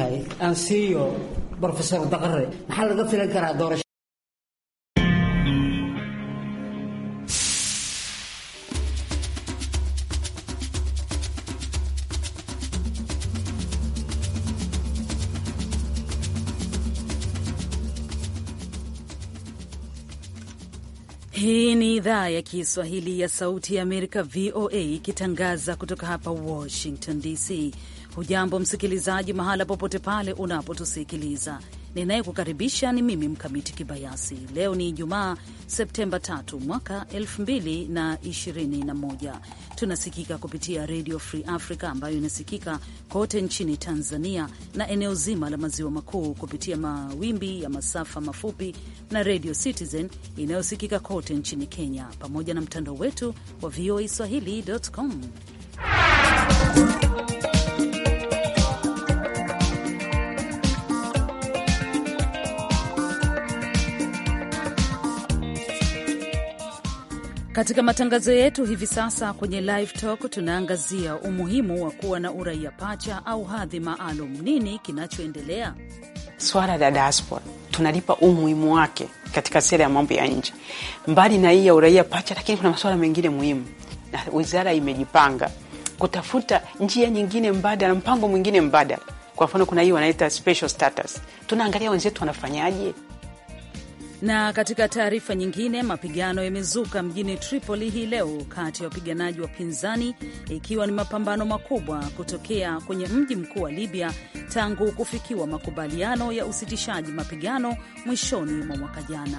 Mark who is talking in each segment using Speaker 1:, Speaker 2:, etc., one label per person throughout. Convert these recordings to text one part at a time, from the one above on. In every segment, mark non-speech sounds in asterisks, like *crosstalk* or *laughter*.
Speaker 1: tahay aan siiyo rofeor daqare maxaa laga filan karaa doorasho Hii ni idhaa ya Kiswahili ya Sauti ya Amerika, VOA, ikitangaza kutoka hapa Washington DC. Hujambo msikilizaji, mahala popote pale unapotusikiliza. Ninayekukaribisha ni mimi Mkamiti Kibayasi. Leo ni Ijumaa, Septemba 3 mwaka 2021. Tunasikika kupitia Radio Free Africa ambayo inasikika kote nchini Tanzania na eneo zima la maziwa makuu kupitia mawimbi ya masafa mafupi na Radio Citizen inayosikika kote nchini Kenya, pamoja na mtandao wetu wa voa swahili.com Katika matangazo yetu hivi sasa kwenye Live Talk tunaangazia umuhimu wa kuwa na uraia pacha au hadhi maalum. Nini kinachoendelea?
Speaker 2: Swala la diaspora tunalipa umuhimu wake katika sera ya mambo ya nje. Mbali na hii ya uraia pacha, lakini kuna masuala mengine muhimu, na wizara imejipanga kutafuta njia nyingine mbadala, mpango mwingine mbadala. Kwa mfano, kuna hii wanaita special status. Tunaangalia wenzetu wanafanyaje na katika
Speaker 1: taarifa nyingine, mapigano yamezuka mjini Tripoli hii leo kati ya wapiganaji wa pinzani, ikiwa ni mapambano makubwa kutokea kwenye mji mkuu wa Libya tangu kufikiwa makubaliano ya usitishaji mapigano mwishoni mwa mwaka jana.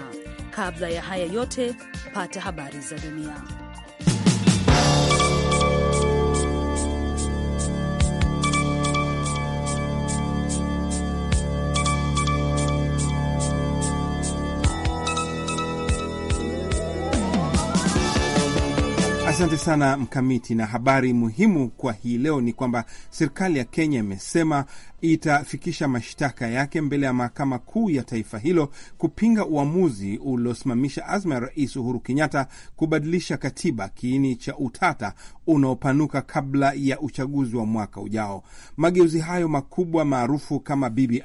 Speaker 1: Kabla ya haya yote, pata habari za dunia.
Speaker 3: Asante sana Mkamiti, na habari muhimu kwa hii leo ni kwamba serikali ya Kenya imesema itafikisha mashtaka yake mbele ya mahakama kuu ya taifa hilo kupinga uamuzi uliosimamisha azma ya Rais Uhuru Kenyatta kubadilisha katiba, kiini cha utata unaopanuka kabla ya uchaguzi wa mwaka ujao. Mageuzi hayo makubwa maarufu kama BBI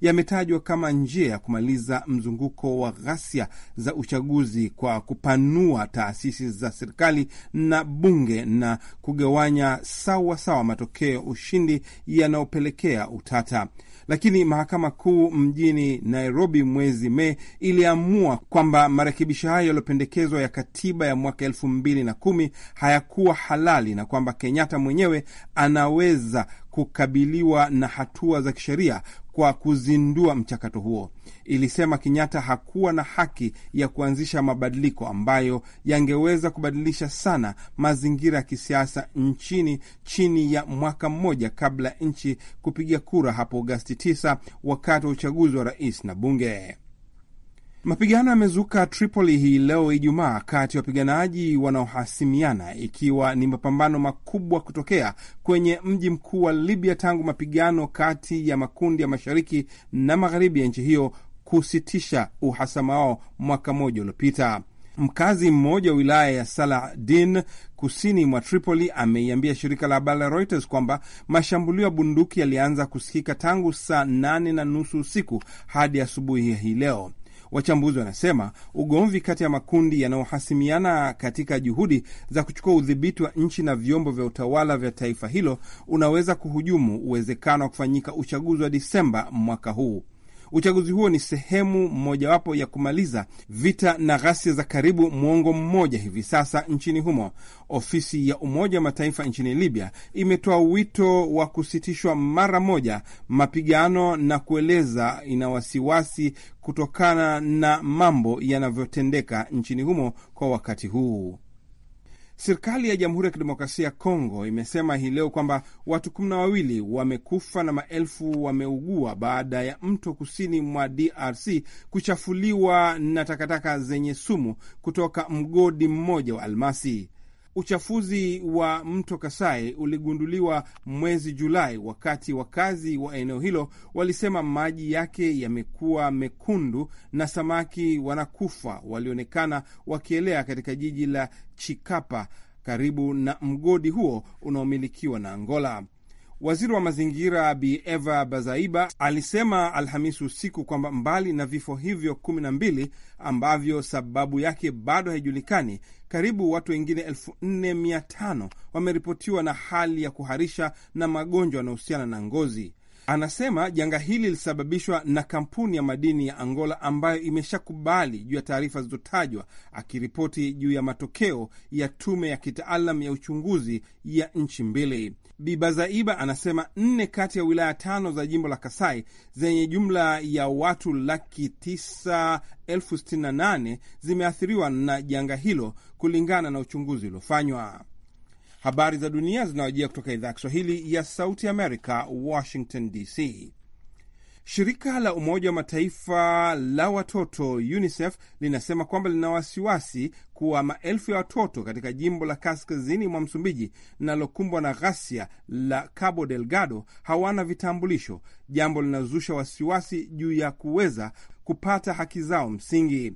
Speaker 3: yametajwa kama njia ya kumaliza mzunguko wa ghasia za uchaguzi kwa kupanua taasisi za serikali na bunge na kugawanya sawa sawa matokeo ushindi yanayopelekea utata, lakini mahakama kuu mjini Nairobi mwezi Mei iliamua kwamba marekebisho hayo yaliyopendekezwa ya katiba ya mwaka elfu mbili na kumi hayakuwa halali na kwamba Kenyatta mwenyewe anaweza kukabiliwa na hatua za kisheria kwa kuzindua mchakato huo. Ilisema Kenyatta hakuwa na haki ya kuanzisha mabadiliko ambayo yangeweza kubadilisha sana mazingira ya kisiasa nchini chini ya mwaka mmoja kabla ya nchi kupiga kura hapo Agosti 9 wakati wa uchaguzi wa rais na bunge. Mapigano yamezuka Tripoli hii leo Ijumaa, kati ya wapiganaji wanaohasimiana, ikiwa ni mapambano makubwa kutokea kwenye mji mkuu wa Libya tangu mapigano kati ya makundi ya mashariki na magharibi ya nchi hiyo kusitisha uhasama wao mwaka mmoja uliopita. Mkazi mmoja wa wilaya ya Saladin kusini mwa Tripoli ameiambia shirika la habari la Reuters kwamba mashambulio ya bunduki yalianza kusikika tangu saa nane na nusu usiku hadi asubuhi hii leo. Wachambuzi wanasema ugomvi kati ya makundi yanayohasimiana katika juhudi za kuchukua udhibiti wa nchi na vyombo vya utawala vya taifa hilo unaweza kuhujumu uwezekano wa kufanyika uchaguzi wa Disemba mwaka huu. Uchaguzi huo ni sehemu mojawapo ya kumaliza vita na ghasia za karibu mwongo mmoja hivi sasa nchini humo. Ofisi ya Umoja wa Mataifa nchini Libya imetoa wito wa kusitishwa mara moja mapigano na kueleza ina wasiwasi kutokana na mambo yanavyotendeka nchini humo kwa wakati huu. Serikali ya Jamhuri ya Kidemokrasia ya Kongo imesema hii leo kwamba watu kumi na wawili wamekufa na maelfu wameugua baada ya mto kusini mwa DRC kuchafuliwa na takataka zenye sumu kutoka mgodi mmoja wa almasi. Uchafuzi wa mto Kasai uligunduliwa mwezi Julai wakati wakazi wa eneo hilo walisema maji yake yamekuwa mekundu na samaki wanakufa walionekana wakielea katika jiji la Chikapa karibu na mgodi huo unaomilikiwa na Angola. Waziri wa mazingira Bi Eva Bazaiba alisema Alhamisi usiku kwamba mbali na vifo hivyo kumi na mbili ambavyo sababu yake bado haijulikani, karibu watu wengine 45 wameripotiwa na hali ya kuharisha na magonjwa yanayohusiana na ngozi. Anasema janga hili lilisababishwa na kampuni ya madini ya Angola ambayo imeshakubali juu ya taarifa zilizotajwa, akiripoti juu ya matokeo ya tume ya kitaalam ya uchunguzi ya nchi mbili. Bibazaiba anasema nne kati ya wilaya tano za jimbo la Kasai zenye jumla ya watu laki tisa elfu sitini na nane zimeathiriwa na janga hilo kulingana na uchunguzi uliofanywa. Habari za dunia zinawajia kutoka idhaa ya Kiswahili ya Sauti Amerika, Washington DC. Shirika la Umoja wa Mataifa la watoto UNICEF linasema kwamba lina wasiwasi kuwa maelfu ya watoto katika jimbo la kaskazini mwa Msumbiji linalokumbwa na ghasia la Cabo Delgado hawana vitambulisho, jambo linazusha wasiwasi juu ya kuweza kupata haki zao msingi.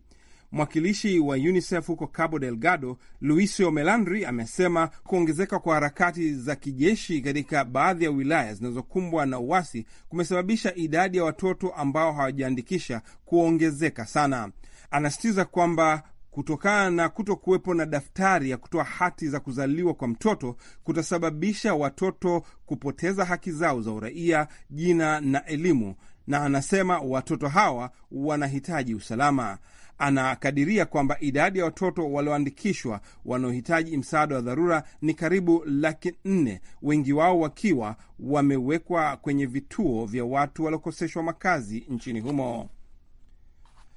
Speaker 3: Mwakilishi wa UNICEF huko Cabo Delgado, Luisio Melandri, amesema kuongezeka kwa harakati za kijeshi katika baadhi ya wilaya zinazokumbwa na uasi kumesababisha idadi ya watoto ambao hawajaandikisha kuongezeka sana. Anasisitiza kwamba kutokana na kuto kuwepo na daftari ya kutoa hati za kuzaliwa kwa mtoto kutasababisha watoto kupoteza haki zao za uraia, jina na elimu, na anasema watoto hawa wanahitaji usalama anakadiria kwamba idadi ya watoto walioandikishwa wanaohitaji msaada wa dharura ni karibu laki nne, wengi wao wakiwa wamewekwa kwenye vituo vya watu waliokoseshwa makazi nchini humo.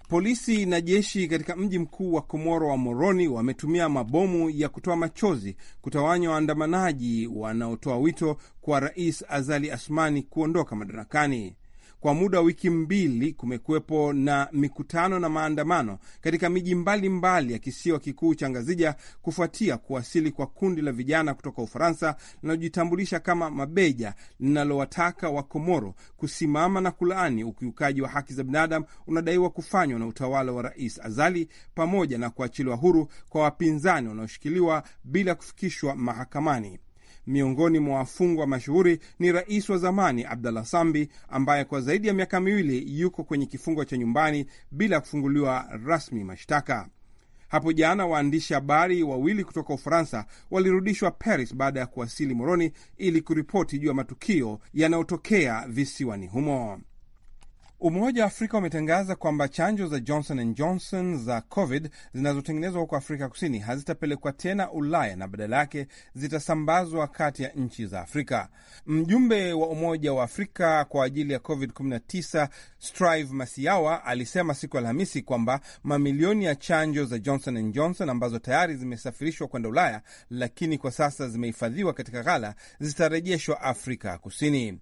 Speaker 3: Polisi na jeshi katika mji mkuu wa Komoro wa Moroni wametumia mabomu ya kutoa machozi kutawanya waandamanaji wanaotoa wito kwa Rais Azali Asmani kuondoka madarakani. Kwa muda wa wiki mbili kumekuwepo na mikutano na maandamano katika miji mbalimbali ya kisiwa kikuu cha Ngazija kufuatia kuwasili kwa kundi la vijana kutoka Ufaransa linalojitambulisha kama Mabeja linalowataka wa komoro kusimama na kulaani ukiukaji wa haki za binadamu unadaiwa kufanywa na utawala wa Rais Azali pamoja na kuachiliwa huru kwa wapinzani wanaoshikiliwa bila kufikishwa mahakamani. Miongoni mwa wafungwa mashuhuri ni rais wa zamani Abdallah Sambi ambaye kwa zaidi ya miaka miwili yuko kwenye kifungo cha nyumbani bila kufunguliwa rasmi mashtaka. Hapo jana waandishi habari wawili kutoka Ufaransa walirudishwa Paris baada ya kuwasili Moroni ili kuripoti juu ya matukio yanayotokea visiwani humo. Umoja wa Afrika umetangaza kwamba chanjo za Johnson and Johnson za COVID zinazotengenezwa huko Afrika Kusini hazitapelekwa tena Ulaya na badala yake zitasambazwa kati ya nchi za Afrika. Mjumbe wa Umoja wa Afrika kwa ajili ya COVID-19 Strive Masiawa alisema siku Alhamisi kwamba mamilioni ya chanjo za Johnson and Johnson ambazo tayari zimesafirishwa kwenda Ulaya lakini kwa sasa zimehifadhiwa katika ghala zitarejeshwa Afrika Kusini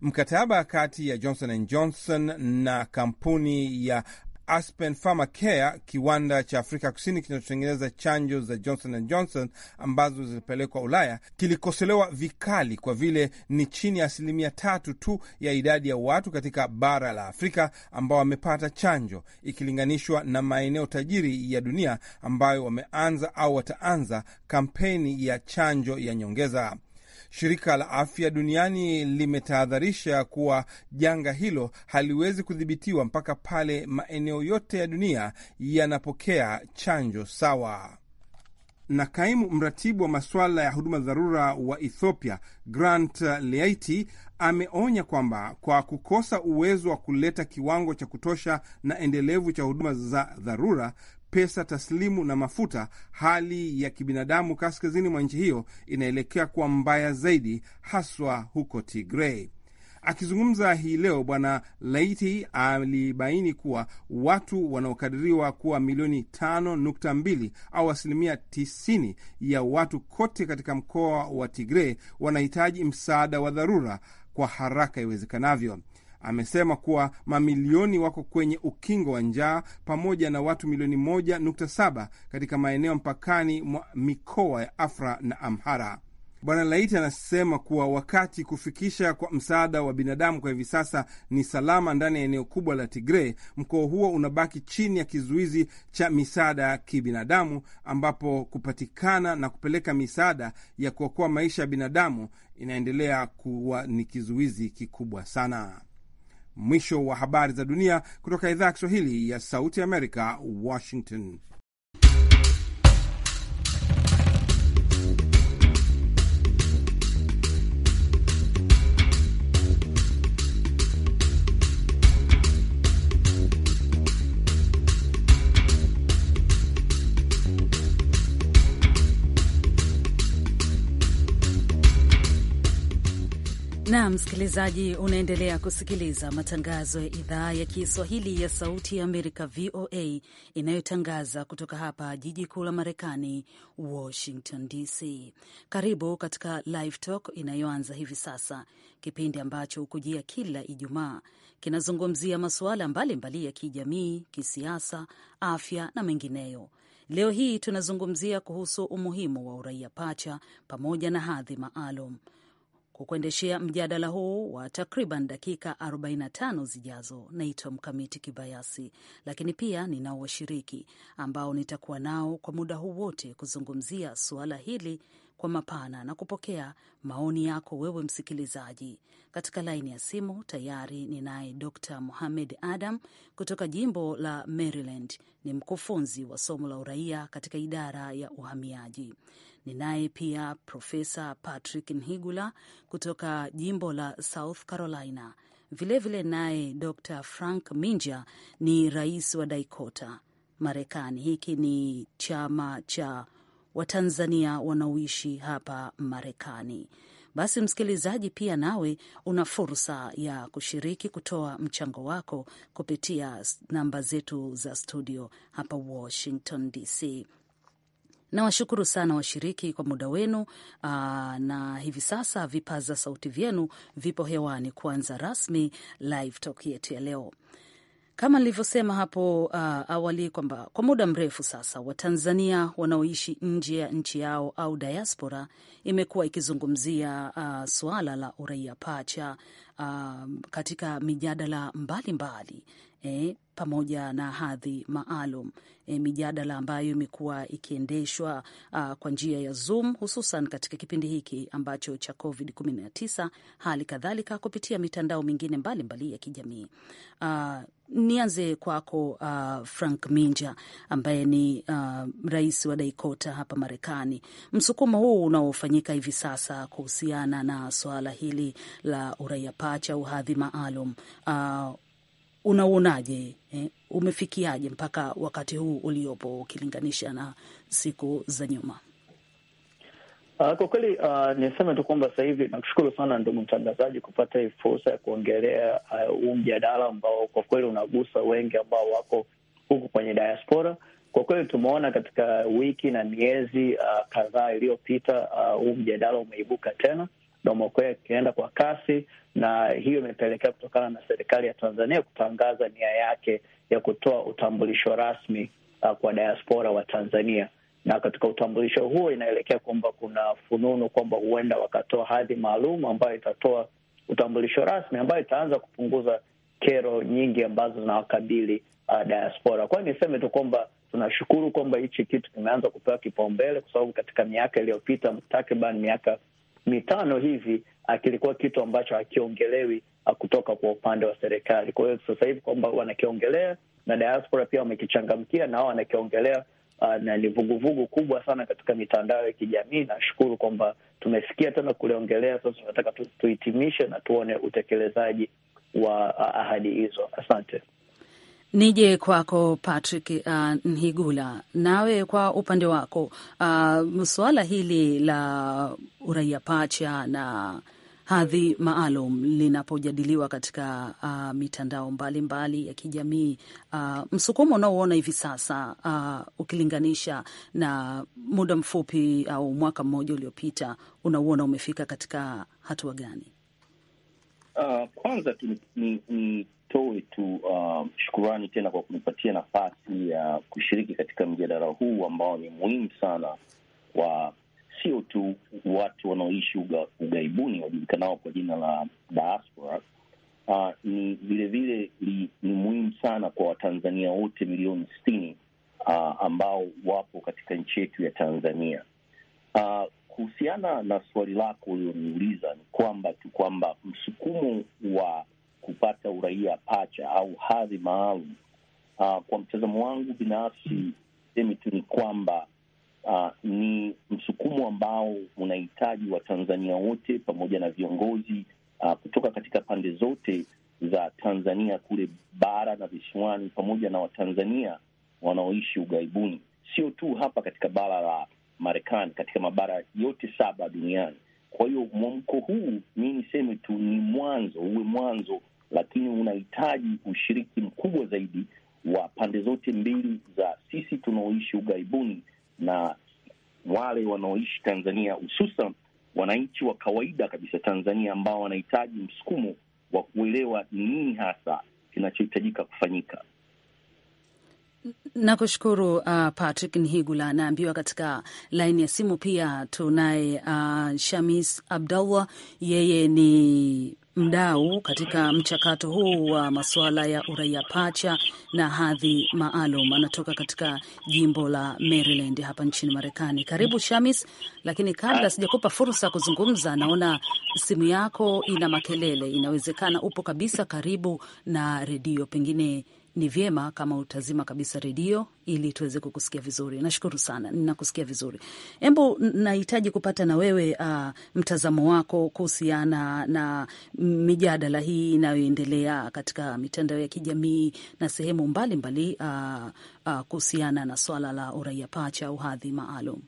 Speaker 3: mkataba kati ya Johnson and Johnson na kampuni ya Aspen Pharmacare, kiwanda cha Afrika Kusini kinachotengeneza chanjo za Johnson and Johnson ambazo zilipelekwa Ulaya, kilikosolewa vikali kwa vile ni chini ya asilimia tatu tu ya idadi ya watu katika bara la Afrika ambao wamepata chanjo ikilinganishwa na maeneo tajiri ya dunia ambayo wameanza au wataanza kampeni ya chanjo ya nyongeza. Shirika la Afya Duniani limetahadharisha kuwa janga hilo haliwezi kudhibitiwa mpaka pale maeneo yote ya dunia yanapokea chanjo sawa. Na kaimu mratibu wa masuala ya huduma dharura wa Ethiopia Grant Leaiti ameonya kwamba kwa kukosa uwezo wa kuleta kiwango cha kutosha na endelevu cha huduma za dharura, pesa taslimu na mafuta, hali ya kibinadamu kaskazini mwa nchi hiyo inaelekea kuwa mbaya zaidi, haswa huko Tigrei. Akizungumza hii leo, Bwana Laiti alibaini kuwa watu wanaokadiriwa kuwa milioni 5.2 au asilimia 90 ya watu kote katika mkoa wa Tigrei wanahitaji msaada wa dharura kwa haraka iwezekanavyo. Amesema kuwa mamilioni wako kwenye ukingo wa njaa pamoja na watu milioni 1.7 katika maeneo mpakani mwa mikoa ya Afra na Amhara. Bwana Laiti anasema kuwa wakati kufikisha kwa msaada wa binadamu kwa hivi sasa ni salama ndani ya eneo kubwa la Tigre, mkoa huo unabaki chini ya kizuizi cha misaada ya kibinadamu, ambapo kupatikana na kupeleka misaada ya kuokoa maisha ya binadamu inaendelea kuwa ni kizuizi kikubwa sana. Mwisho wa habari za dunia kutoka idhaa ya Kiswahili ya Sauti Amerika, Washington.
Speaker 1: na msikilizaji, unaendelea kusikiliza matangazo ya idhaa ya Kiswahili ya Sauti ya Amerika, VOA, inayotangaza kutoka hapa jiji kuu la Marekani, Washington DC. Karibu katika Live Talk inayoanza hivi sasa, kipindi ambacho hukujia kila Ijumaa, kinazungumzia masuala mbalimbali ya kijamii, kisiasa, afya na mengineyo. Leo hii tunazungumzia kuhusu umuhimu wa uraia pacha pamoja na hadhi maalum kukuendeshea mjadala huu wa takriban dakika 45 zijazo. Naitwa Mkamiti Kibayasi, lakini pia ninao washiriki ambao nitakuwa nao kwa muda huu wote kuzungumzia suala hili kwa mapana na kupokea maoni yako wewe msikilizaji. Katika laini ya simu tayari ninaye Dr. muhamed Adam kutoka jimbo la Maryland, ni mkufunzi wa somo la uraia katika idara ya uhamiaji. Ninaye pia Profesa Patrick nhigula kutoka jimbo la South Carolina. Vilevile naye Dr Frank Minja ni rais wa Daikota, Marekani. Hiki ni chama cha Watanzania wanaoishi hapa Marekani. Basi msikilizaji, pia nawe una fursa ya kushiriki kutoa mchango wako kupitia namba zetu za studio hapa Washington DC. Nawashukuru sana washiriki kwa muda wenu. Aa, ah, na hivi sasa vipaza sauti vyenu vipo hewani kuanza rasmi live talk yetu ya leo. Kama nilivyosema hapo uh, awali kwamba kwa muda mrefu sasa Watanzania wanaoishi nje ya nchi yao au diaspora imekuwa ikizungumzia uh, suala la uraia pacha uh, katika mijadala mbalimbali e, pamoja na hadhi maalum e, mijadala ambayo imekuwa ikiendeshwa kwa njia ya Zoom hususan katika kipindi hiki ambacho cha COVID-19, hali kadhalika kupitia mitandao mingine mbalimbali mbali ya kijamii. Nianze kwako uh, Frank Minja ambaye ni uh, rais wa Daikota hapa Marekani. Msukumo huu unaofanyika hivi sasa kuhusiana na suala hili la uraia pacha au hadhi maalum uh, unauonaje eh? Umefikiaje mpaka wakati huu uliopo ukilinganisha na siku za nyuma?
Speaker 4: Uh, kwa kweli uh, niseme tu kwamba sasa hivi nakushukuru sana ndugu mtangazaji kupata hii fursa ya kuongelea ah, huu uh, mjadala ambao kwa kweli unagusa wengi ambao wako huku kwenye diaspora. Kwa kweli tumeona katika wiki na miezi uh, kadhaa iliyopita huu uh, mjadala umeibuka tena Domoko ikienda kwa kasi, na hiyo imepelekea kutokana na serikali ya Tanzania kutangaza nia yake ya kutoa utambulisho rasmi uh, kwa diaspora wa Tanzania na katika utambulisho huo inaelekea kwamba kuna fununu kwamba huenda wakatoa hadhi maalum ambayo itatoa utambulisho rasmi ambayo itaanza kupunguza kero nyingi ambazo zinawakabili uh, diaspora. Kwa hiyo niseme tu kwamba tunashukuru kwamba hichi kitu kimeanza kupewa kipaumbele, kwa sababu katika miaka iliyopita takriban miaka mitano hivi, kilikuwa kitu ambacho hakiongelewi ah, kutoka kwa upande wa serikali. Kwa hiyo sasa hivi kwamba wanakiongelea na diaspora pia wamekichangamkia na wao wanakiongelea ah, na ni vuguvugu kubwa sana katika mitandao ya kijamii. Nashukuru kwamba tumesikia tena kuliongelea sasa, tunataka tuhitimishe na tuone utekelezaji wa ah, ahadi hizo. Asante.
Speaker 1: Nije kwako Patrick uh, Nhigula, nawe kwa upande wako uh, suala hili la uraia pacha na hadhi maalum linapojadiliwa katika uh, mitandao mbalimbali mbali ya kijamii uh, msukumo unaouona hivi sasa uh, ukilinganisha na muda mfupi au mwaka mmoja uliopita unauona umefika katika hatua gani?
Speaker 5: Uh, kwanza tu ni, ni, ni nitoe tu uh, shukurani tena kwa kunipatia nafasi ya uh, kushiriki katika mjadala huu ambao ni muhimu sana kwa sio tu watu wanaoishi uga, ughaibuni wajulikanao kwa jina la diaspora. Uh, ni vilevile ni muhimu sana kwa Watanzania wote milioni sitini uh, ambao wapo katika nchi yetu ya Tanzania. Uh, kuhusiana na swali lako ulioniuliza ni kwamba tu kwamba msukumo wa kupata uraia pacha au hadhi maalum. Uh, kwa mtazamo wangu binafsi, semi tu ni kwamba uh, ni msukumo ambao unahitaji Watanzania wote pamoja na viongozi uh, kutoka katika pande zote za Tanzania kule bara na visiwani, pamoja na Watanzania wanaoishi ughaibuni, sio tu hapa katika bara la Marekani, katika mabara yote saba duniani. Kwa hiyo mwamko huu mi niseme tu ni mwanzo, uwe mwanzo lakini unahitaji ushiriki mkubwa zaidi wa pande zote mbili za sisi tunaoishi ughaibuni na wale wanaoishi Tanzania, hususan wananchi wa kawaida kabisa Tanzania ambao wanahitaji msukumo wa kuelewa ni nini hasa kinachohitajika kufanyika.
Speaker 1: Nakushukuru uh, Patrick Nhigula. Naambiwa katika laini ya simu pia tunaye uh, Shamis Abdallah, yeye ni mdau katika mchakato huu wa masuala ya uraia pacha na hadhi maalum, anatoka katika jimbo la Maryland hapa nchini Marekani. Karibu Shamis, lakini kabla sijakupa fursa ya kuzungumza, naona simu yako ina makelele. Inawezekana upo kabisa karibu na redio, pengine ni vyema kama utazima kabisa redio ili tuweze kukusikia vizuri. Nashukuru sana, ninakusikia vizuri. Embo, nahitaji kupata na wewe uh, mtazamo wako kuhusiana na mijadala hii inayoendelea katika mitandao ya kijamii na sehemu mbalimbali kuhusiana uh, uh, na swala la uraia pacha au hadhi maalum.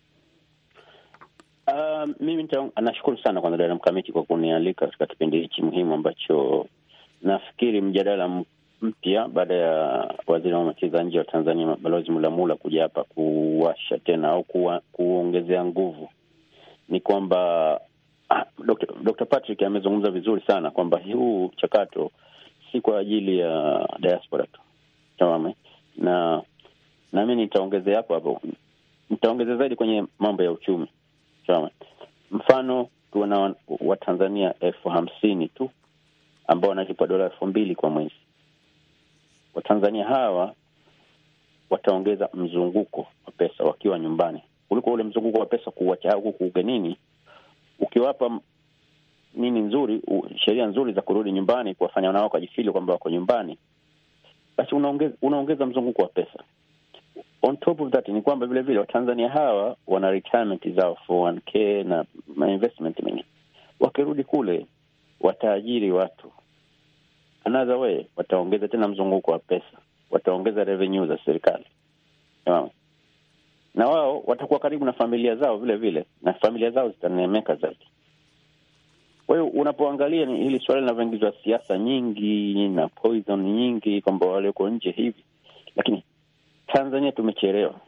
Speaker 6: Uh, mimi nashukuru sana kwanza dada Mkamiti kwa kunialika katika kipindi hichi muhimu ambacho nafikiri mjadala mpya baada ya waziri wa mambo ya nje wa Tanzania Balozi Mulamula kuja hapa kuwasha tena au kuongezea nguvu ni kwamba ah, Dr. Dr. Patrick amezungumza vizuri sana kwamba huu mchakato si kwa ajili ya diaspora tu, tamam. Na nami nitaongezea hapo hapo, nitaongezea zaidi kwenye mambo ya uchumi, tamam. Mfano tuwe na Watanzania elfu hamsini tu ambao wanalipwa dola elfu mbili kwa mwezi Watanzania hawa wataongeza mzunguko wa pesa wakiwa nyumbani kuliko ule mzunguko wa pesa kuuacha huku ugenini. Ukiwapa nini nzuri, sheria nzuri za kurudi nyumbani, kuwafanya wanawao kajifili kwamba wako nyumbani, basi unaongeza, unaongeza mzunguko wa pesa. On top of that ni kwamba vile vile Watanzania hawa wana retirement zao 401k na investment mingi, wakirudi kule wataajiri watu another way, wataongeza tena mzunguko wa pesa, wataongeza revenue za serikali Yama. Na wao watakuwa karibu na familia zao vile vile, na familia zao zitanemeka zaidi. Kwa hiyo unapoangalia ni hili suala linavyoingizwa siasa nyingi na poison nyingi, kwamba walioko nje hivi, lakini Tanzania tumechelewa,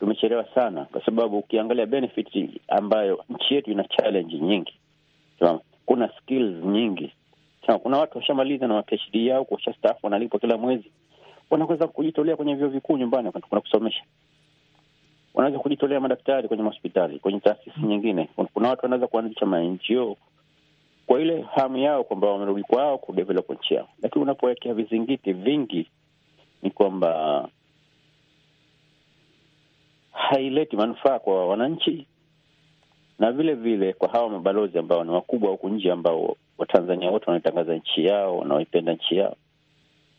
Speaker 6: tumechelewa sana, kwa sababu ukiangalia benefit ambayo nchi yetu ina challenge nyingi, kuna skills nyingi sasa kuna watu washamaliza na PhD yao washastaafu, wanalipwa kila mwezi, wanaweza kujitolea kwenye vyuo vikuu nyumbani, kuna kusomesha, wanaweza kujitolea madaktari kwenye mahospitali, kwenye taasisi mm nyingine. Kuna watu wanaweza kuanzisha mango kwa ile hamu yao kwamba wamerudi kwao kudevelop nchi yao, lakini unapowekea vizingiti vingi ni kwamba haileti manufaa kwa wananchi na vile vile kwa hawa mabalozi ambao ni wakubwa huku nje ambao Watanzania wote wanaitangaza nchi yao, wanaoipenda nchi yao.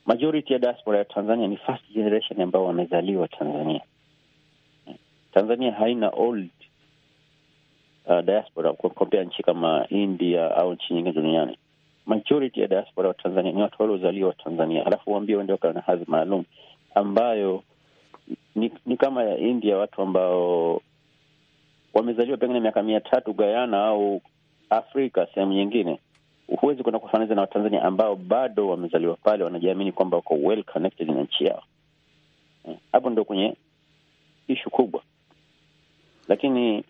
Speaker 6: Majority ya diaspora ya Tanzania ni first generation ambao wamezaliwa Tanzania. Tanzania haina old uh, diaspora kukompea nchi kama India au nchi nyingine duniani. Majority ya diaspora wa Tanzania ni watu waliozaliwa Tanzania, alafu waambie waende wakawa na hadhi maalum ambayo ni, ni kama ya India, watu ambao wamezaliwa pengine miaka mia tatu Guyana au Afrika sehemu nyingine huwezi kwenda kufananiza na Watanzania ambao bado wamezaliwa pale, wanajiamini kwamba wako well connected na nchi yao. Eh, hapo ndo kwenye ishu kubwa, lakini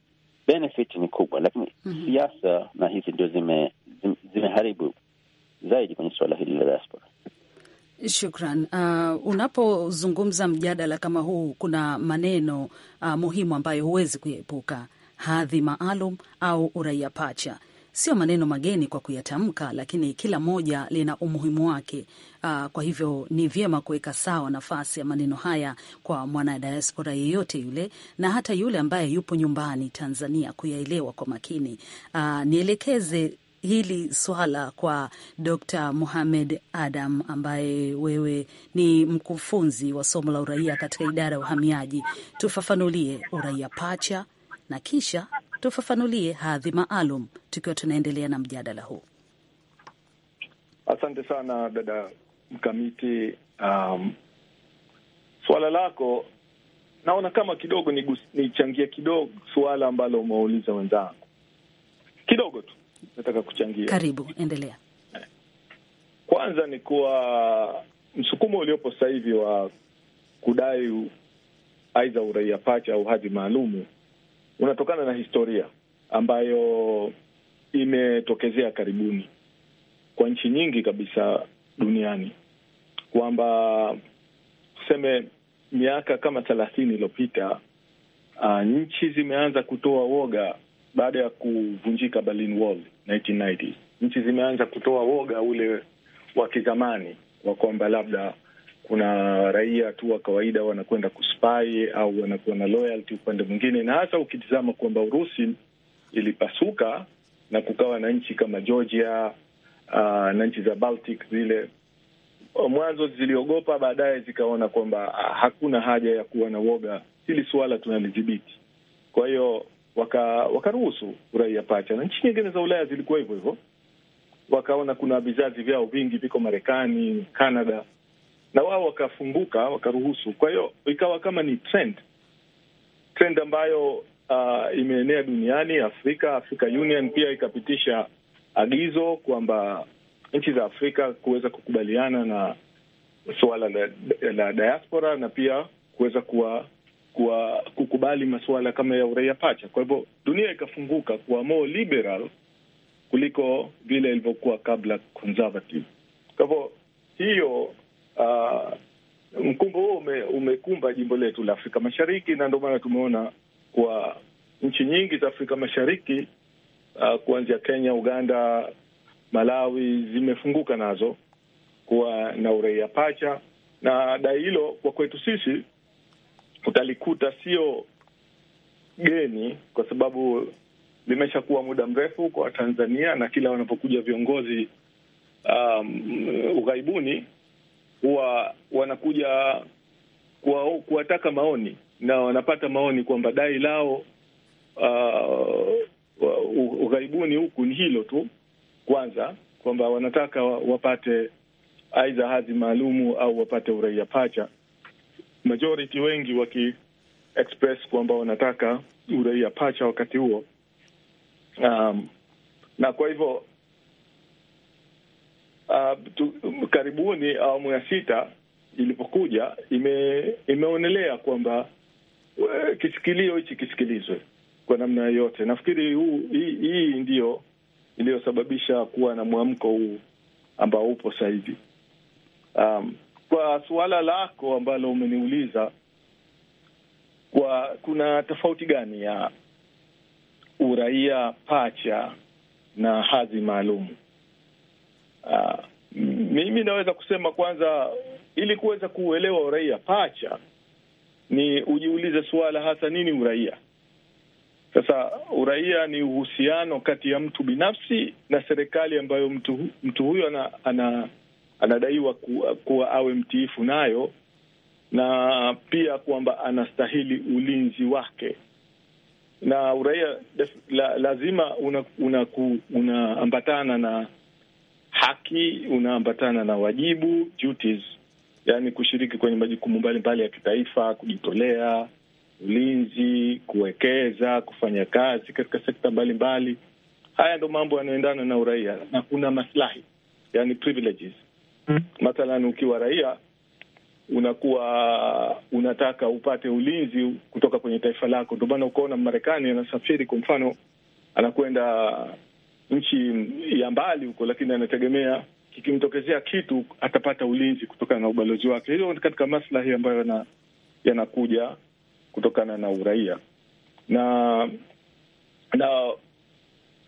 Speaker 6: benefit ni kubwa, lakini mm -hmm. siasa na hizi ndio zime, zime, zimeharibu zaidi kwenye suala hili
Speaker 4: la diaspora.
Speaker 1: Shukran. Uh, unapozungumza mjadala kama huu, kuna maneno uh, muhimu ambayo huwezi kuyaepuka: hadhi maalum au uraia pacha sio maneno mageni kwa kuyatamka, lakini kila moja lina umuhimu wake. Aa, ah, kwa hivyo ni vyema kuweka sawa nafasi ya maneno haya kwa mwanadiaspora yeyote yule na hata yule ambaye yupo nyumbani Tanzania kuyaelewa kwa makini. Aa, ah, nielekeze hili swala kwa Dr. muhamed Adam ambaye wewe ni mkufunzi wa somo la uraia katika idara ya uhamiaji. Tufafanulie uraia pacha na kisha tufafanulie hadhi maalum, tukiwa tunaendelea na mjadala huu.
Speaker 7: Asante sana dada Mkamiti. Um, suala lako naona kama kidogo nichangie ni kidogo suala ambalo umeuliza wenzangu kidogo tu, nataka kuchangia.
Speaker 1: Karibu, endelea.
Speaker 7: Kwanza ni kuwa msukumo uliopo sasa hivi wa kudai aidha uraia pacha au hadhi maalumu unatokana na historia ambayo imetokezea karibuni kwa nchi nyingi kabisa duniani kwamba tuseme miaka kama thelathini iliyopita uh, nchi zimeanza kutoa woga baada ya kuvunjika Berlin Wall 1990. Nchi zimeanza kutoa woga ule wa kizamani wa kwamba labda kuna raia tu wa kawaida wanakwenda kuspai au wanakuwa na loyalty upande mwingine, na hasa ukitizama kwamba Urusi ilipasuka na kukawa na nchi kama Georgia uh, na nchi za Baltic zile mwanzo ziliogopa, baadaye zikaona kwamba uh, hakuna haja ya kuwa na woga, hili suala tunalidhibiti. Kwa hiyo wakaruhusu waka uraia pacha, na nchi nyingine za Ulaya zilikuwa hivyo hivyo, wakaona kuna vizazi vyao vingi viko Marekani, Canada na wao wakafunguka wakaruhusu. Kwa hiyo ikawa kama ni trend, trend ambayo uh, imeenea duniani, Afrika. Africa Union pia ikapitisha agizo kwamba nchi za Afrika kuweza kukubaliana na suala la, la diaspora na pia kuweza kuwa, kuwa kukubali masuala kama ya uraia pacha. Kwa hivyo dunia ikafunguka kuwa more liberal kuliko vile ilivyokuwa kabla conservative. Kwa hivyo hiyo uh, mkumbo huo ume, umekumba jimbo letu la Afrika Mashariki, na ndio maana tumeona kwa nchi nyingi za Afrika Mashariki uh, kuanzia Kenya, Uganda, Malawi zimefunguka nazo kuwa na uraia pacha, na dai hilo kwa kwetu sisi utalikuta sio geni, kwa sababu limeshakuwa muda mrefu kwa Tanzania, na kila wanapokuja viongozi um, ughaibuni huwa wanakuja kuwataka maoni na wanapata maoni kwamba dai lao uh, ughaibuni huku ni hilo tu kwanza, kwamba wanataka wapate aidha hadhi maalumu au wapate uraia pacha. Majority wengi waki express kwamba wanataka uraia pacha wakati huo, um, na kwa hivyo uh, karibuni awamu ya sita ilipokuja ime, imeonelea kwamba kisikilio hichi kisikilizwe kwa namna yoyote. Nafikiri huu, hii, hii ndiyo iliyosababisha kuwa na mwamko huu ambao upo sasa hivi. Um, kwa suala lako ambalo umeniuliza kwa kuna tofauti gani ya uraia pacha na hadhi maalum? Ah, mimi naweza kusema kwanza, ili kuweza kuuelewa uraia pacha ni ujiulize suala hasa nini uraia. Sasa uraia ni uhusiano kati ya mtu binafsi na serikali ambayo mtu, mtu huyo ana, ana, anadaiwa kuwa, kuwa awe mtiifu nayo na pia kwamba anastahili ulinzi wake na uraia la, lazima unaambatana una, una na haki unaambatana na wajibu duties, yani kushiriki kwenye majukumu mbalimbali ya kitaifa, kujitolea, ulinzi, kuwekeza, kufanya kazi katika sekta mbalimbali. Haya ndo mambo yanayoendana na uraia, na kuna maslahi, yani privileges. Hmm. Mathalan, ukiwa raia unakuwa unataka upate ulinzi kutoka kwenye taifa lako. Ndio maana ukaona Marekani anasafiri, kwa mfano, anakwenda nchi ya mbali huko, lakini anategemea kikimtokezea kitu atapata ulinzi kutokana na ubalozi wake. Hiyo katika maslahi ambayo yanakuja kutokana na uraia na na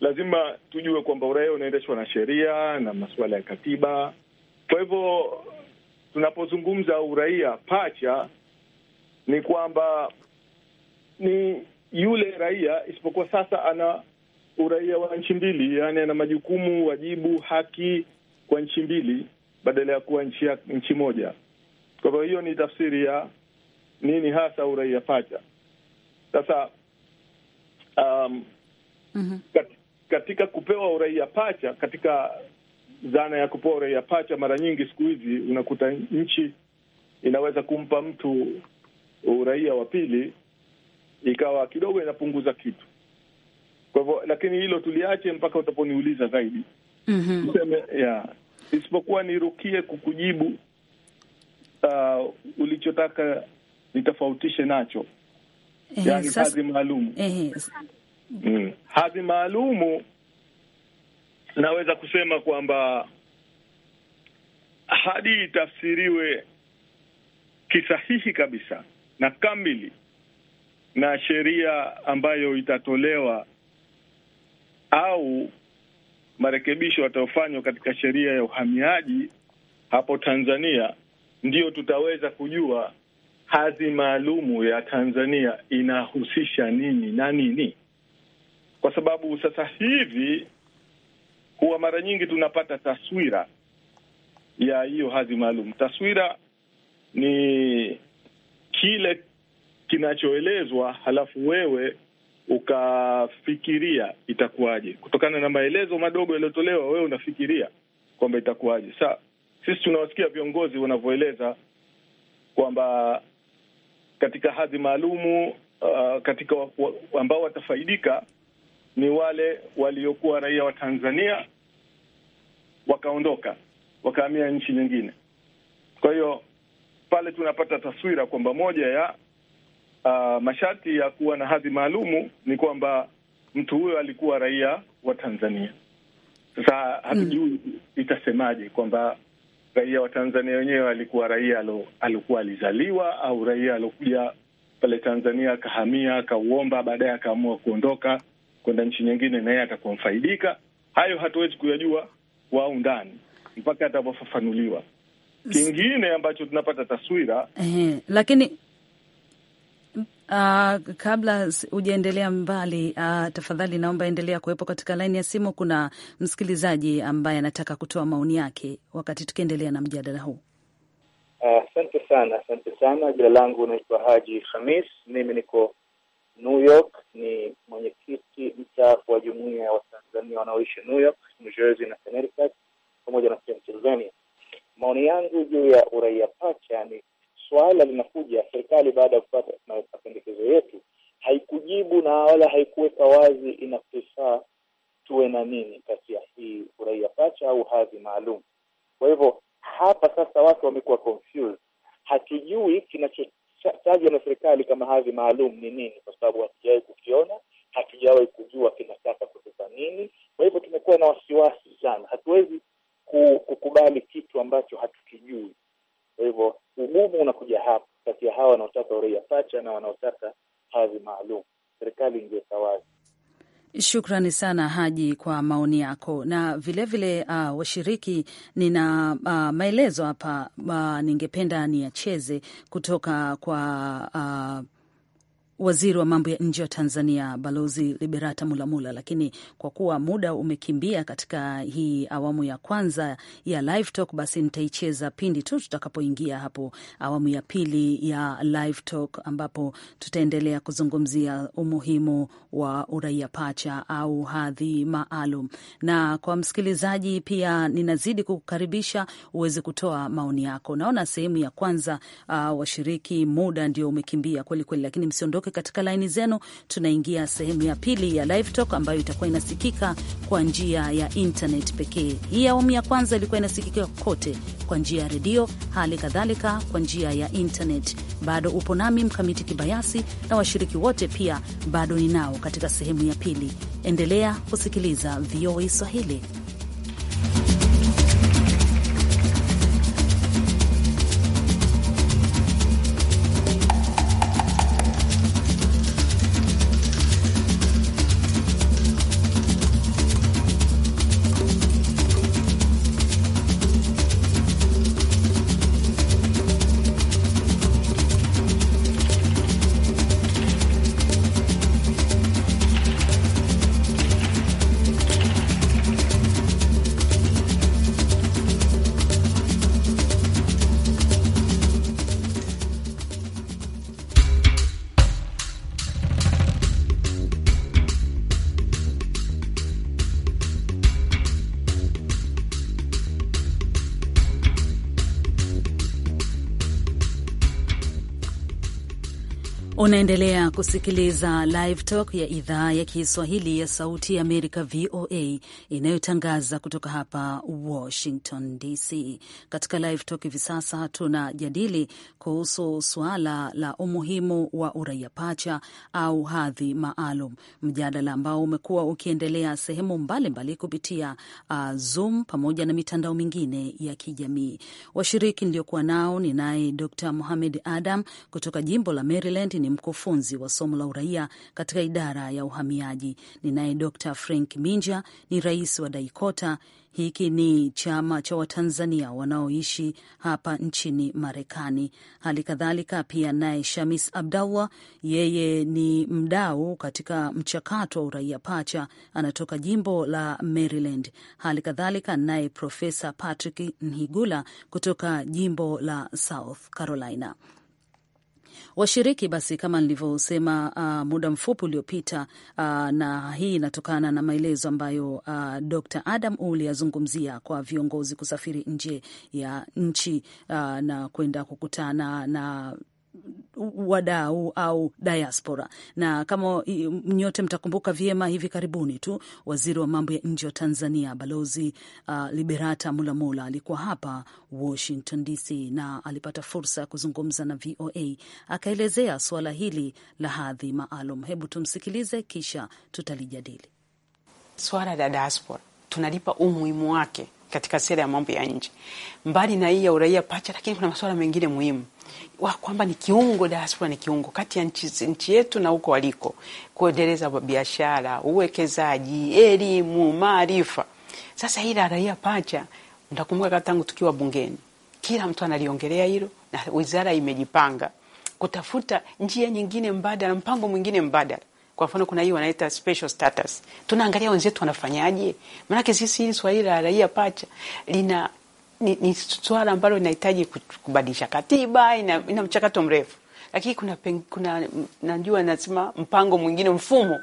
Speaker 7: lazima tujue kwamba uraia unaendeshwa na sheria na masuala ya katiba. Kwa hivyo tunapozungumza uraia pacha, ni kwamba ni yule raia, isipokuwa sasa ana uraia wa nchi mbili, yaani ana majukumu, wajibu, haki kwa nchi mbili badala ya kuwa nchi, nchi moja. Kwa hivyo hiyo ni tafsiri ya nini hasa uraia pacha. Sasa um, mm -hmm. katika kupewa uraia pacha, katika dhana ya kupewa uraia pacha, mara nyingi siku hizi unakuta nchi inaweza kumpa mtu uraia wa pili, ikawa kidogo inapunguza kitu kwa hivyo, lakini hilo tuliache mpaka utaponiuliza zaidi.
Speaker 1: mm -hmm.
Speaker 7: Yeah, isipokuwa nirukie kukujibu uh, ulichotaka nitofautishe nacho, eh, yaani sas... hadhi maalumu. Eh, mm. Hadhi maalumu naweza kusema kwamba hadi itafsiriwe kisahihi kabisa na kamili na sheria ambayo itatolewa au marekebisho yatayofanywa katika sheria ya uhamiaji hapo Tanzania, ndiyo tutaweza kujua hadhi maalumu ya Tanzania inahusisha nini na nini, kwa sababu sasa hivi huwa mara nyingi tunapata taswira ya hiyo hadhi maalum. Taswira ni kile kinachoelezwa, halafu wewe ukafikiria itakuwaje kutokana na maelezo madogo yaliyotolewa, wewe unafikiria kwamba itakuwaje. Sa sisi tunawasikia viongozi wanavyoeleza kwamba katika hadhi maalumu uh, katika wa, wa, ambao watafaidika ni wale waliokuwa raia wa Tanzania wakaondoka wakahamia nchi nyingine. Kwa hiyo pale tunapata taswira kwamba moja ya uh, masharti ya kuwa na hadhi maalumu ni kwamba mtu huyo alikuwa raia wa Tanzania. Sasa hatujui mm, itasemaje kwamba raia wa Tanzania wenyewe alikuwa raia alikuwa alizaliwa au raia alokuja pale Tanzania akahamia akauomba, baadaye akaamua kuondoka kwenda nchi nyingine, na yeye atakuwa mfaidika. Hayo hatuwezi kuyajua kwa undani mpaka atapofafanuliwa Kingine ambacho tunapata taswira
Speaker 1: eh, lakini Uh, kabla hujaendelea mbali uh, tafadhali naomba endelea kuwepo katika laini ya simu. Kuna msikilizaji ambaye anataka kutoa maoni yake wakati tukiendelea na mjadala huu.
Speaker 8: Ah, asante uh, sana, asante sana. Jina langu naitwa Haji Hamis, mimi niko New York, ni mwenyekiti mstaafu wa jumuia ya Watanzania wanaoishi New York, New Jersey na Connecticut pamoja na Pennsylvania. Maoni yangu juu ya uraia pacha ni swala linakuja serikali baada ya kupata mapendekezo yetu haikujibu na wala haikuweka wazi ina tuwe na nini kati ya hii uraia pacha au hadhi maalum. Kwa hivyo hapa sasa watu wamekuwa confused, hatujui kinachotajwa na serikali kama hadhi maalum ni nini, kwa sababu hatujawahi kukiona wasichana wanaotaka hadhi maalum. Serikali ingeweka
Speaker 1: Shukrani sana Haji kwa maoni yako na vilevile vile, uh, washiriki nina uh, maelezo hapa uh, ningependa niacheze kutoka kwa uh, waziri wa mambo ya nje wa Tanzania Balozi Liberata Mulamula, lakini kwa kuwa muda umekimbia katika hii awamu ya kwanza ya Live Talk, basi nitaicheza pindi tu tutakapoingia hapo awamu ya pili ya Live Talk, ambapo tutaendelea kuzungumzia umuhimu wa uraia pacha au hadhi maalum. Na kwa msikilizaji pia ninazidi kukukaribisha uweze kutoa maoni yako. Naona sehemu ya kwanza uh, washiriki muda ndio umekimbia kwelikweli, lakini msiondoke msiondoke katika laini zenu. Tunaingia sehemu ya pili ya Live Talk ambayo itakuwa inasikika kwa njia ya internet pekee. Hii awamu ya kwanza ilikuwa inasikika kote kwa njia ya redio, hali kadhalika kwa njia ya internet. Bado upo nami Mkamiti Kibayasi na washiriki wote pia bado ninao katika sehemu ya pili. Endelea kusikiliza VOA Swahili. Unaendelea kusikiliza Live Talk ya idhaa ya Kiswahili ya Sauti ya Amerika, VOA, inayotangaza kutoka hapa Washington DC. Katika Live Talk hivi sasa tunajadili kuhusu suala la umuhimu wa uraia pacha au hadhi maalum, mjadala ambao umekuwa ukiendelea sehemu mbalimbali mbali kupitia uh, Zoom pamoja na mitandao mingine ya kijamii. Washiriki niliokuwa nao ni naye Dr muhamed Adam kutoka jimbo la Maryland, ni mkufunzi wa somo la uraia katika idara ya uhamiaji. Ninaye Dr Frank Minja, ni rais wa DAIKOTA. Hiki ni chama cha Watanzania wanaoishi hapa nchini Marekani. Hali kadhalika pia naye Shamis Abdallah, yeye ni mdau katika mchakato wa uraia pacha, anatoka jimbo la Maryland. Hali kadhalika naye Profesa Patrick Nhigula kutoka jimbo la South Carolina. Washiriki basi, kama nilivyosema uh, muda mfupi uliopita uh, na hii inatokana na maelezo ambayo uh, Dr. Adam Uli azungumzia kwa viongozi kusafiri nje ya nchi uh, na kwenda kukutana na wadau au diaspora. Na kama nyote mtakumbuka vyema, hivi karibuni tu waziri wa mambo ya nje wa Tanzania Balozi uh, Liberata Mulamula alikuwa hapa Washington DC na alipata fursa ya kuzungumza na VOA akaelezea suala hili la hadhi maalum. Hebu tumsikilize, kisha tutalijadili
Speaker 2: swala la diaspora, tunalipa umuhimu wake katika sera ya mambo ya nje, mbali na hii ya uraia pacha, lakini kuna masuala mengine muhimu kwamba ni kiungo, diaspora ni kiungo kati ya nchi, nchi yetu na huko waliko, kuendeleza biashara, uwekezaji, elimu, maarifa. Sasa ila raia pacha, mtakumbuka tangu tukiwa bungeni kila mtu analiongelea hilo, na wizara imejipanga kutafuta njia nyingine mbadala, mpango mwingine mbadala. Kwa mfano, kuna hii wanaita special status, tunaangalia wenzetu wanafanyaje, maanake sisi hili swahili la raia pacha lina ni, ni swala ambalo inahitaji kubadilisha katiba, ina, ina mchakato mrefu, lakini kuna, kuna najua nasema mpango mwingine, mfumo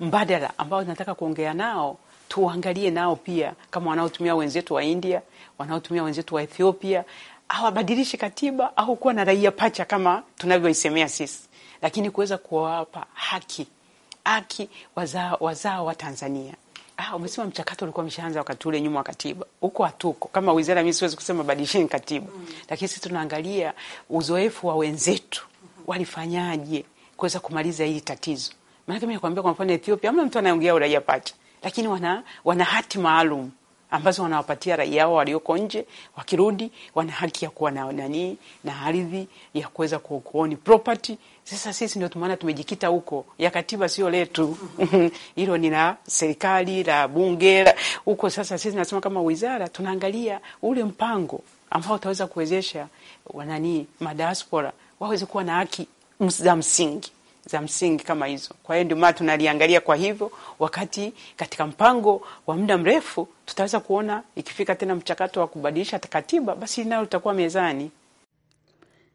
Speaker 2: mbadala ambao nataka kuongea nao tuangalie nao pia, kama wanaotumia wenzetu wa India, wanaotumia wenzetu wa Ethiopia, awabadilishi katiba au kuwa na raia pacha kama tunavyoisemea sisi, lakini kuweza kuwapa haki haki wazao wazao wa Tanzania Ah, umesema mchakato ulikuwa umeshaanza wakati ule nyuma wa katiba. Huko hatuko. Kama wizara mimi siwezi kusema badilisheni katiba. Mm. Lakini sisi tunaangalia uzoefu wa wenzetu. Mm-hmm. Walifanyaje kuweza kumaliza hili tatizo? Maanake mi nakwambia kwa mfano Ethiopia hamna mtu anaongea uraia pacha. Lakini wana wana hati maalum ambazo wanawapatia raia wao walioko nje. Wakirudi wana haki ya kuwa na nani na ardhi ya kuweza kuoni property. Sasa sisi ndio tumeona tumejikita huko, ya katiba sio letu *laughs* hilo ni la serikali la bunge huko. Sasa sisi nasema kama wizara tunaangalia ule mpango ambao utaweza kuwezesha wanani madiaspora waweze kuwa na haki za msingi za msingi kama hizo. Kwa hiyo ndio maana tunaliangalia kwa hivyo, wakati katika mpango wa muda mrefu tutaweza kuona ikifika tena mchakato wa kubadilisha katiba, basi nalo litakuwa mezani.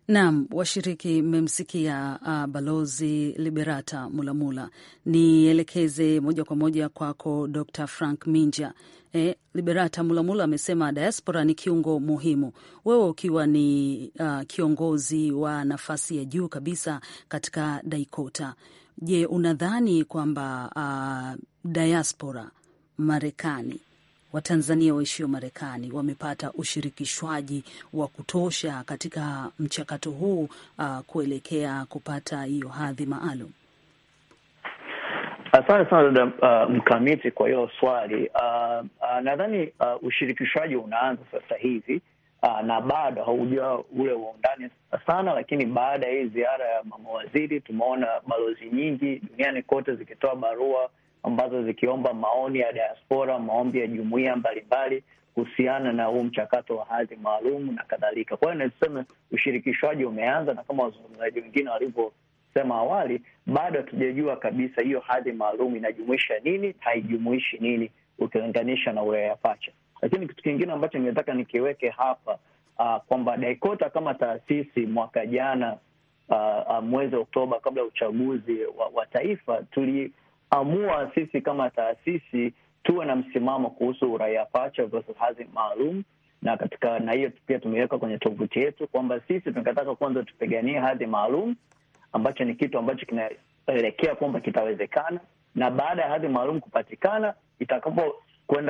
Speaker 1: Naam, washiriki mmemsikia uh, Balozi Liberata Mulamula. Nielekeze moja kwa moja kwako Dr. Frank Minja. Eh, Liberata Mulamula amesema diaspora ni kiungo muhimu. Wewe ukiwa ni uh, kiongozi wa nafasi ya juu kabisa katika DAIKOTA, je, unadhani kwamba uh, diaspora Marekani Watanzania waishio Marekani wamepata ushirikishwaji wa kutosha katika mchakato huu uh, kuelekea kupata hiyo hadhi maalum?
Speaker 4: Asante sana dada uh, Mkamiti, kwa hilo swali. Uh, uh, nadhani uh, ushirikishwaji unaanza sasa hivi uh, na bado haujua ule wa undani sana, lakini baada ya hii ziara ya mama waziri tumeona balozi nyingi duniani kote zikitoa barua ambazo zikiomba maoni ya diaspora, maombi ya jumuiya mbalimbali kuhusiana na huu mchakato wa hadhi maalum na kadhalika. Kwa hiyo nasema ushirikishwaji umeanza, na kama wazungumzaji wengine walivyosema awali, bado hatujajua kabisa hiyo hadhi maalum inajumuisha nini, haijumuishi nini, ukilinganisha na wilaya ya Pacha. Lakini kitu kingine ambacho ningetaka nikiweke hapa uh, kwamba DAIKOTA kama taasisi mwaka jana uh, mwezi Oktoba kabla ya uchaguzi wa, wa taifa tuli amua sisi kama taasisi tuwe na msimamo kuhusu uraia pacha versus hadhi maalum, na katika na hiyo pia tumeweka kwenye tovuti yetu kwamba sisi tunataka kwanza tupiganie hadhi maalum, ambacho ni kitu ambacho kinaelekea kwamba kitawezekana, na baada ya hadhi maalum kupatikana, itakapo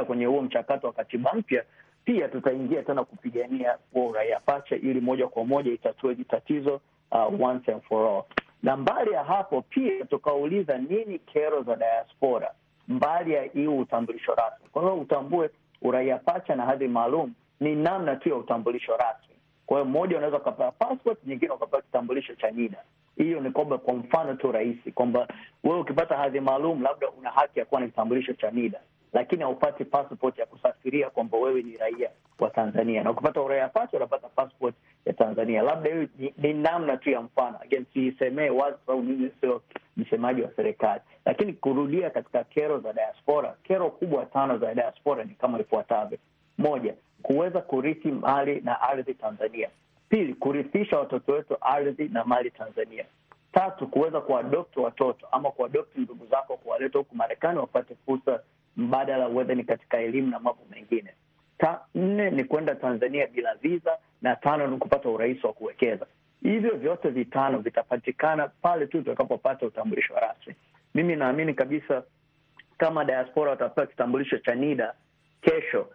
Speaker 4: kwenye huo mchakato wa katiba mpya, pia tutaingia tena kupigania huo uraia pacha, ili moja kwa moja itatue tatizo uh, once and for all. Na mbali ya hapo pia tukauliza nini kero za diaspora, mbali ya hiyo utambulisho rasmi. Kwa hiyo utambue uraia pacha na hadhi maalum ni namna tu ya utambulisho rasmi. Kwa hiyo mmoja unaweza ukapewa passport, nyingine ukapewa kitambulisho cha NIDA. Hiyo ni kwamba, kwa mfano tu rahisi, kwamba wewe ukipata hadhi maalum, labda una haki ya kuwa na kitambulisho cha NIDA lakini haupati passport ya kusafiria kwamba wewe ni raia wa Tanzania, na ukipata uraia pacha unapata passport ya Tanzania. Labda hiyo ni, ni namna tu ya mfano, again siisemee wazi, sababu mimi sio msemaji wa serikali, lakini kurudia katika kero za diaspora, kero kubwa tano za diaspora ni kama ifuatavyo: moja, kuweza kurithi mali na ardhi Tanzania; pili, kurithisha watoto wetu ardhi na mali Tanzania; tatu, kuweza kuadopti watoto ama kuadopti ndugu zako, kuwaleta huku Marekani wapate fursa mbadala, uweze ni katika elimu na mambo mengine. Ta, nne ni kwenda Tanzania bila viza, na tano ni kupata urahisi wa kuwekeza. Hivyo vyote vitano vitapatikana pale tu tutakapopata utambulisho rasmi. Mimi naamini kabisa kama diaspora watapewa kitambulisho cha NIDA kesho,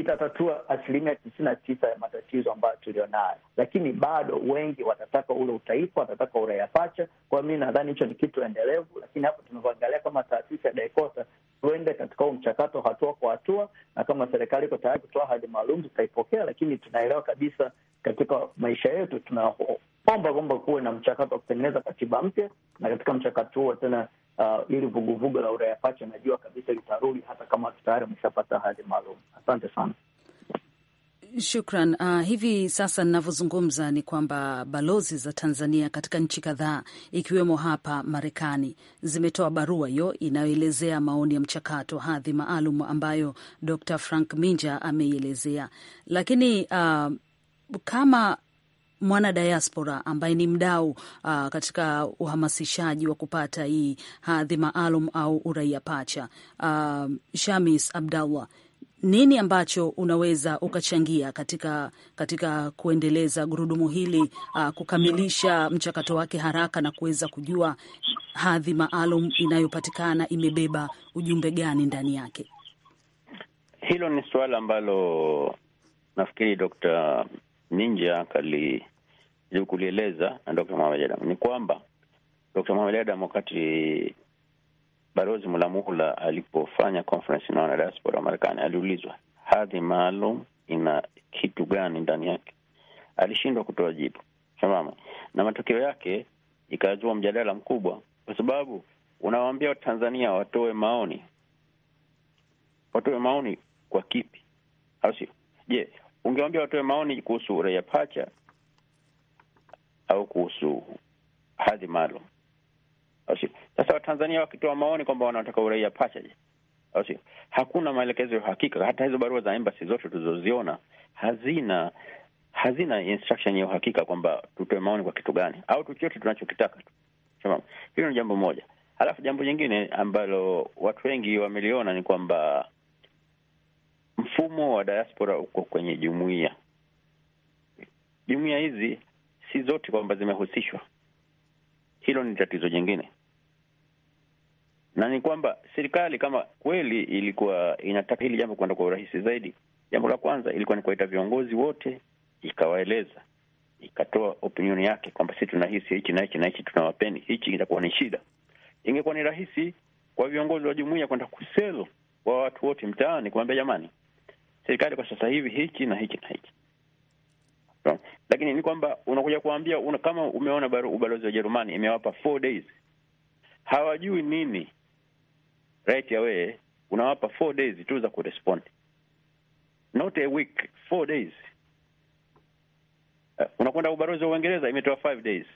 Speaker 4: itatatua asilimia tisini na tisa ya matatizo ambayo tulionayo, lakini bado wengi watataka ule utaifa, watataka uraia pacha. Kwa mi nadhani hicho ni kitu endelevu, lakini hapo tunavyoangalia kama taasisi ya DAIKOTA tuende katika huu mchakato hatua kwa hatua, na kama serikali iko tayari kutoa hadi maalum tutaipokea, lakini tunaelewa kabisa katika maisha yetu tunaomba kwamba kuwe na mchakato wa kutengeneza katiba mpya, na katika mchakato huo tena uh, ili vuguvugu la Uraia Pacha najua kabisa litarudi hata kama tayari ameshapata hadhi maalum. Asante sana.
Speaker 1: Shukran. Uh, hivi sasa ninavyozungumza ni kwamba balozi za Tanzania katika nchi kadhaa ikiwemo hapa Marekani zimetoa barua hiyo inayoelezea maoni ya mchakato hadhi maalum ambayo Dr. Frank Minja ameielezea, lakini uh, kama mwana diaspora ambaye ni mdau uh, katika uhamasishaji wa kupata hii hadhi maalum au uraia pacha uh, Shamis Abdallah, nini ambacho unaweza ukachangia katika, katika kuendeleza gurudumu hili uh, kukamilisha mchakato wake haraka na kuweza kujua hadhi maalum inayopatikana imebeba ujumbe gani ndani yake?
Speaker 6: Hilo ni suala ambalo nafikiri Dkt. Minja kali sijui kulieleza na d Mohamed Adam ni kwamba d Mohamed Adam wakati Balozi Mulamula alipofanya conference na wanadiaspora wa Marekani aliulizwa hadhi maalum ina kitu gani ndani yake, alishindwa kutoa jibu mama, na matokeo yake ikazua mjadala mkubwa, kwa sababu unawaambia Watanzania watoe maoni. Watoe maoni kwa kipi, au sio? Je, ungewaambia watoe maoni kuhusu uraia pacha au kuhusu hadhi maalum, au sio? Sasa Watanzania wakitoa maoni kwamba wanataka uraia pacha, au sio? Hakuna maelekezo ya uhakika. Hata hizo barua za embassy zote tulizoziona hazina hazina instruction ya uhakika kwamba tutoe maoni kwa kitu gani au chochote tunachokitaka tu. Hilo ni jambo moja. Halafu jambo jingine ambalo watu wengi wameliona ni kwamba mfumo wa diaspora uko kwenye jumuiya. Jumuiya hizi si zote kwamba zimehusishwa. Hilo ni tatizo jingine, na ni kwamba serikali kama kweli ilikuwa inataka hili jambo kwenda kwa urahisi zaidi, jambo la kwanza ilikuwa ni kuwaita viongozi wote, ikawaeleza, ikatoa opinioni yake kwamba si tunahisi hichi na hichi na hichi, tunawapeni hichi, itakuwa ni shida. Ingekuwa ni rahisi kwa viongozi wa jumuiya kwenda kuselo kwa watu wote mtaani, kuambia jamani, serikali kwa sasa hivi hichi na hichi na hichi no? Lakini ni kwamba unakuja kuambia una, kama umeona baru, ubalozi wa Ujerumani imewapa four days, hawajui nini right away, unawapa four days tu za kurespond, not a week, four days. Uh, unakwenda ubalozi wa Uingereza imetoa five days,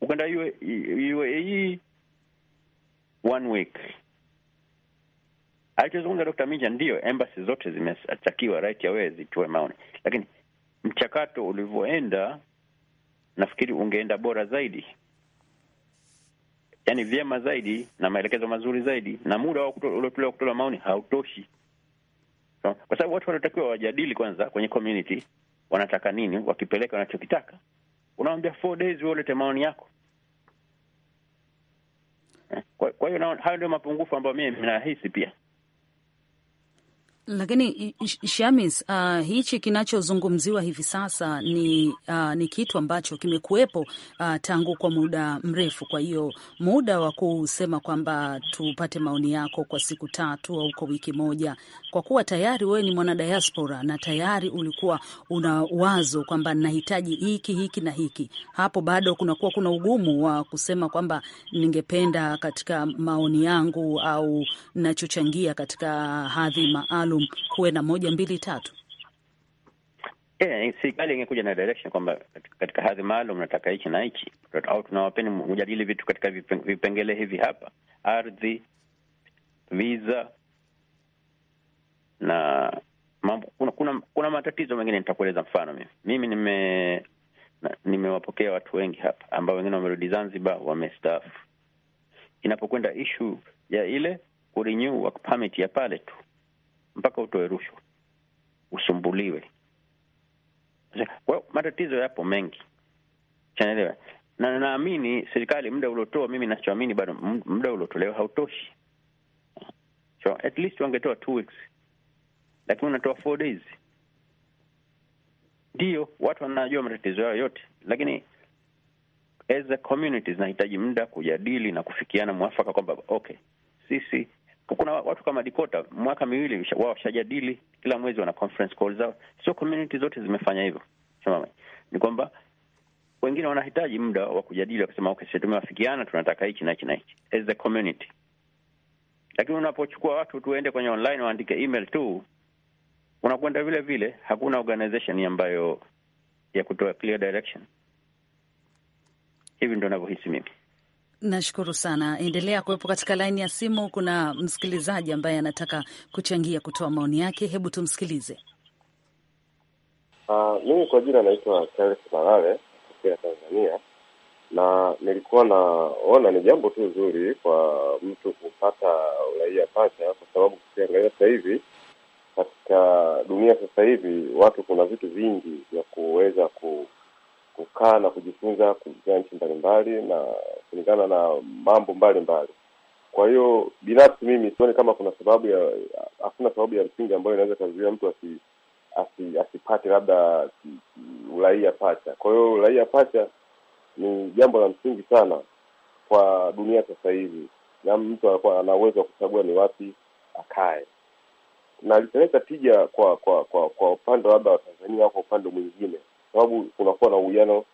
Speaker 6: ukaenda UAE e, one week. Alichozungumza Dr. Minja, ndiyo embassy zote zimetakiwa right away zitoe maoni, lakini mchakato ulivyoenda, nafikiri ungeenda bora zaidi, yani vyema zaidi na maelekezo mazuri zaidi, na muda uliotolewa kutoa maoni hautoshi, no? Kwa sababu watu wanatakiwa wajadili kwanza kwenye community wanataka nini, wakipeleka wanachokitaka, unawambia four days ulete maoni yako. Eh, kwa hiyo hayo ndio mapungufu ambayo mimi ninahisi pia.
Speaker 1: Lakini Shamis, uh, hichi kinachozungumziwa hivi sasa ni, uh, ni kitu ambacho kimekuwepo uh, tangu kwa muda mrefu. Kwa hiyo muda wa kusema kwamba tupate maoni yako kwa siku tatu au kwa wiki moja, kwa kuwa tayari wewe ni mwanadiaspora na tayari ulikuwa una wazo kwamba nahitaji hiki hiki na hiki, hapo bado kunakuwa kuna ugumu wa kusema kwamba ningependa katika maoni yangu au nachochangia katika hadhi maalum maalum, kuwe na moja mbili tatu?
Speaker 6: Yeah, serikali ingekuja na direction kwamba katika hadhi maalum nataka hichi na hichi, au tunawapeni mjadili vitu katika vipengele hivi hapa, ardhi, visa na mambo. Kuna, kuna, kuna matatizo mengine nitakueleza. Mfano mimi mimi nime nimewapokea watu wengi hapa ambao wengine wamerudi Zanzibar, wamestaafu. Inapokwenda ishu ya ile kurenew permit ya pale tu mpaka utoe rushwa, usumbuliwe. Kwa hiyo matatizo yapo mengi, chanelewa na naamini serikali muda uliotoa, mimi nachoamini bado muda uliotolewa hautoshi. So at least wangetoa two weeks, lakini unatoa four days. Ndiyo, watu wanajua matatizo yao yote, lakini as a community zinahitaji muda kujadili na kufikiana mwafaka kwamba okay, sisi kuna watu kama Dikota mwaka miwili wao washajadili, kila mwezi wana conference call zao. Sio community zote zimefanya hivyo, sema ni kwamba wengine wanahitaji muda wa kujadili, wakasema okay, sisi tumewafikiana tunataka hichi na hichi na hichi as the community. Lakini unapochukua watu tuende kwenye online waandike email tu, unakwenda vile vile, hakuna organization ambayo ya kutoa clear direction. Hivi ndo navyohisi mimi.
Speaker 1: Nashukuru sana, endelea kuwepo katika laini ya simu. Kuna msikilizaji ambaye anataka kuchangia kutoa maoni yake, hebu tumsikilize.
Speaker 9: Uh, mimi kwa jina naitwa Charles Malale kutokea Tanzania, na nilikuwa naona ni jambo tu zuri kwa mtu kupata uraia pacha, kwa sababu kukiangalia sasa hivi katika dunia sasa hivi watu, kuna vitu vingi vya kuweza ku kukaa na kujifunza kupitia nchi mbalimbali na kulingana na mambo mbalimbali. Kwa hiyo binafsi mimi sioni kama kuna sababu ya, hakuna sababu ya msingi ambayo inaweza kazuia mtu asi, asi, asipate labda uraia pacha. Kwa hiyo uraia pacha ni jambo la msingi sana kwa dunia sasa hivi, na mtu ana uwezo wa kuchagua ni wapi akae, na litaleta tija kwa kwa kwa, kwa upande labda wa Tanzania au kwa upande mwingine sababu kunakuwa na uwiano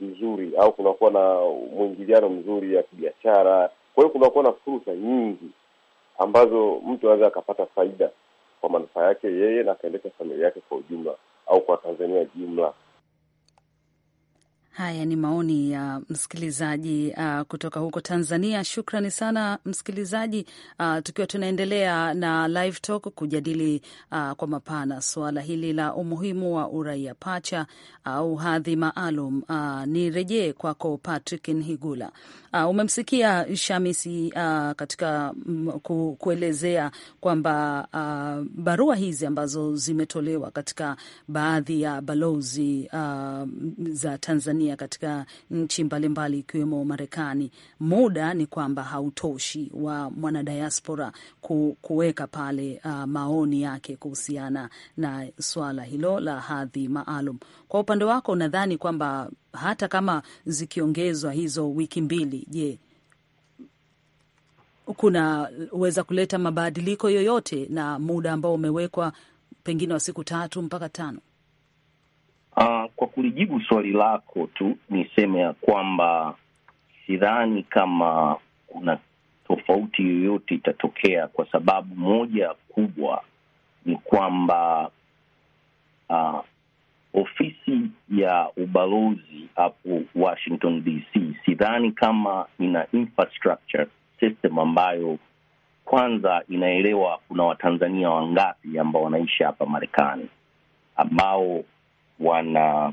Speaker 9: mzuri au kunakuwa na mwingiliano mzuri ya kibiashara. Kwa hiyo kunakuwa na fursa nyingi ambazo mtu anaweza akapata faida kwa manufaa yake yeye na akaendesha familia yake kwa ujumla au kwa Tanzania jumla.
Speaker 1: Haya ni maoni ya uh, msikilizaji uh, kutoka huko Tanzania. Shukrani sana msikilizaji. Uh, tukiwa tunaendelea na live talk kujadili uh, kwa mapana suala hili la umuhimu wa uraia pacha au uh, hadhi maalum uh, ni rejee kwako Patrick Nhigula. Uh, umemsikia Shamisi uh, katika mm, ku, kuelezea kwamba uh, barua hizi ambazo zimetolewa katika baadhi ya balozi uh, za Tanzania Tanzania katika nchi mbalimbali ikiwemo Marekani, muda ni kwamba hautoshi wa mwanadiaspora ku, kuweka pale uh, maoni yake kuhusiana na swala hilo la hadhi maalum. Kwa upande wako, nadhani kwamba hata kama zikiongezwa hizo wiki mbili, je, kunaweza kuleta mabadiliko yoyote na muda ambao umewekwa pengine wa siku tatu mpaka tano?
Speaker 5: Uh, kwa kulijibu swali lako tu niseme ya kwamba sidhani kama kuna tofauti yoyote itatokea, kwa sababu moja kubwa ni kwamba uh, ofisi ya ubalozi hapo Washington DC sidhani kama ina infrastructure system ambayo kwanza inaelewa kuna Watanzania wangapi ambao wanaishi hapa Marekani ambao wana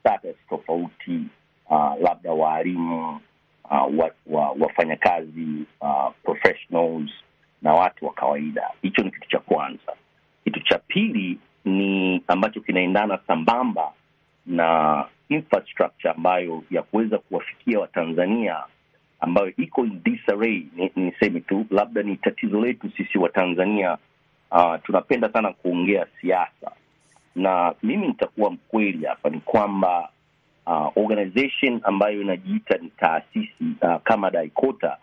Speaker 5: status tofauti uh, labda waalimu uh, wa, wa, wafanyakazi uh, professionals na watu wa kawaida. Hicho ni kitu cha kwanza. Kitu cha pili ni ambacho kinaendana sambamba na infrastructure ambayo ya kuweza kuwafikia Watanzania ambayo iko in disarray. Niseme ni tu labda ni tatizo letu sisi Watanzania. Uh, tunapenda sana kuongea siasa na mimi nitakuwa mkweli hapa, ni kwamba uh, organization ambayo inajiita ni taasisi uh, kama Daikota,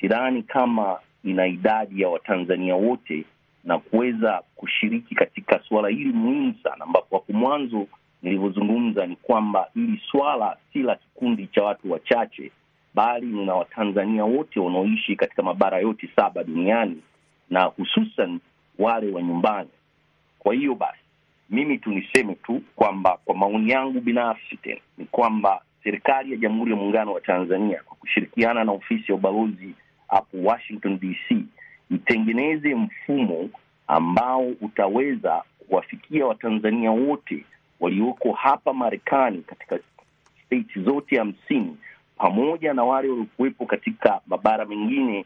Speaker 5: sidhani kama ina idadi ya Watanzania wote na kuweza kushiriki katika suala hili muhimu sana, ambapo hapo mwanzo nilivyozungumza ni kwamba hili swala si la kikundi cha watu wachache, bali nina Watanzania wote wanaoishi katika mabara yote saba duniani na hususan wale wa nyumbani. Kwa hiyo basi mimi tu niseme tu kwamba kwa maoni yangu binafsi tena ni kwamba serikali ya Jamhuri ya Muungano wa Tanzania kwa kushirikiana na ofisi ya ubalozi hapo Washington DC itengeneze mfumo ambao utaweza kuwafikia Watanzania wote walioko hapa Marekani katika state zote hamsini pamoja na wale waliokuwepo katika mabara mengine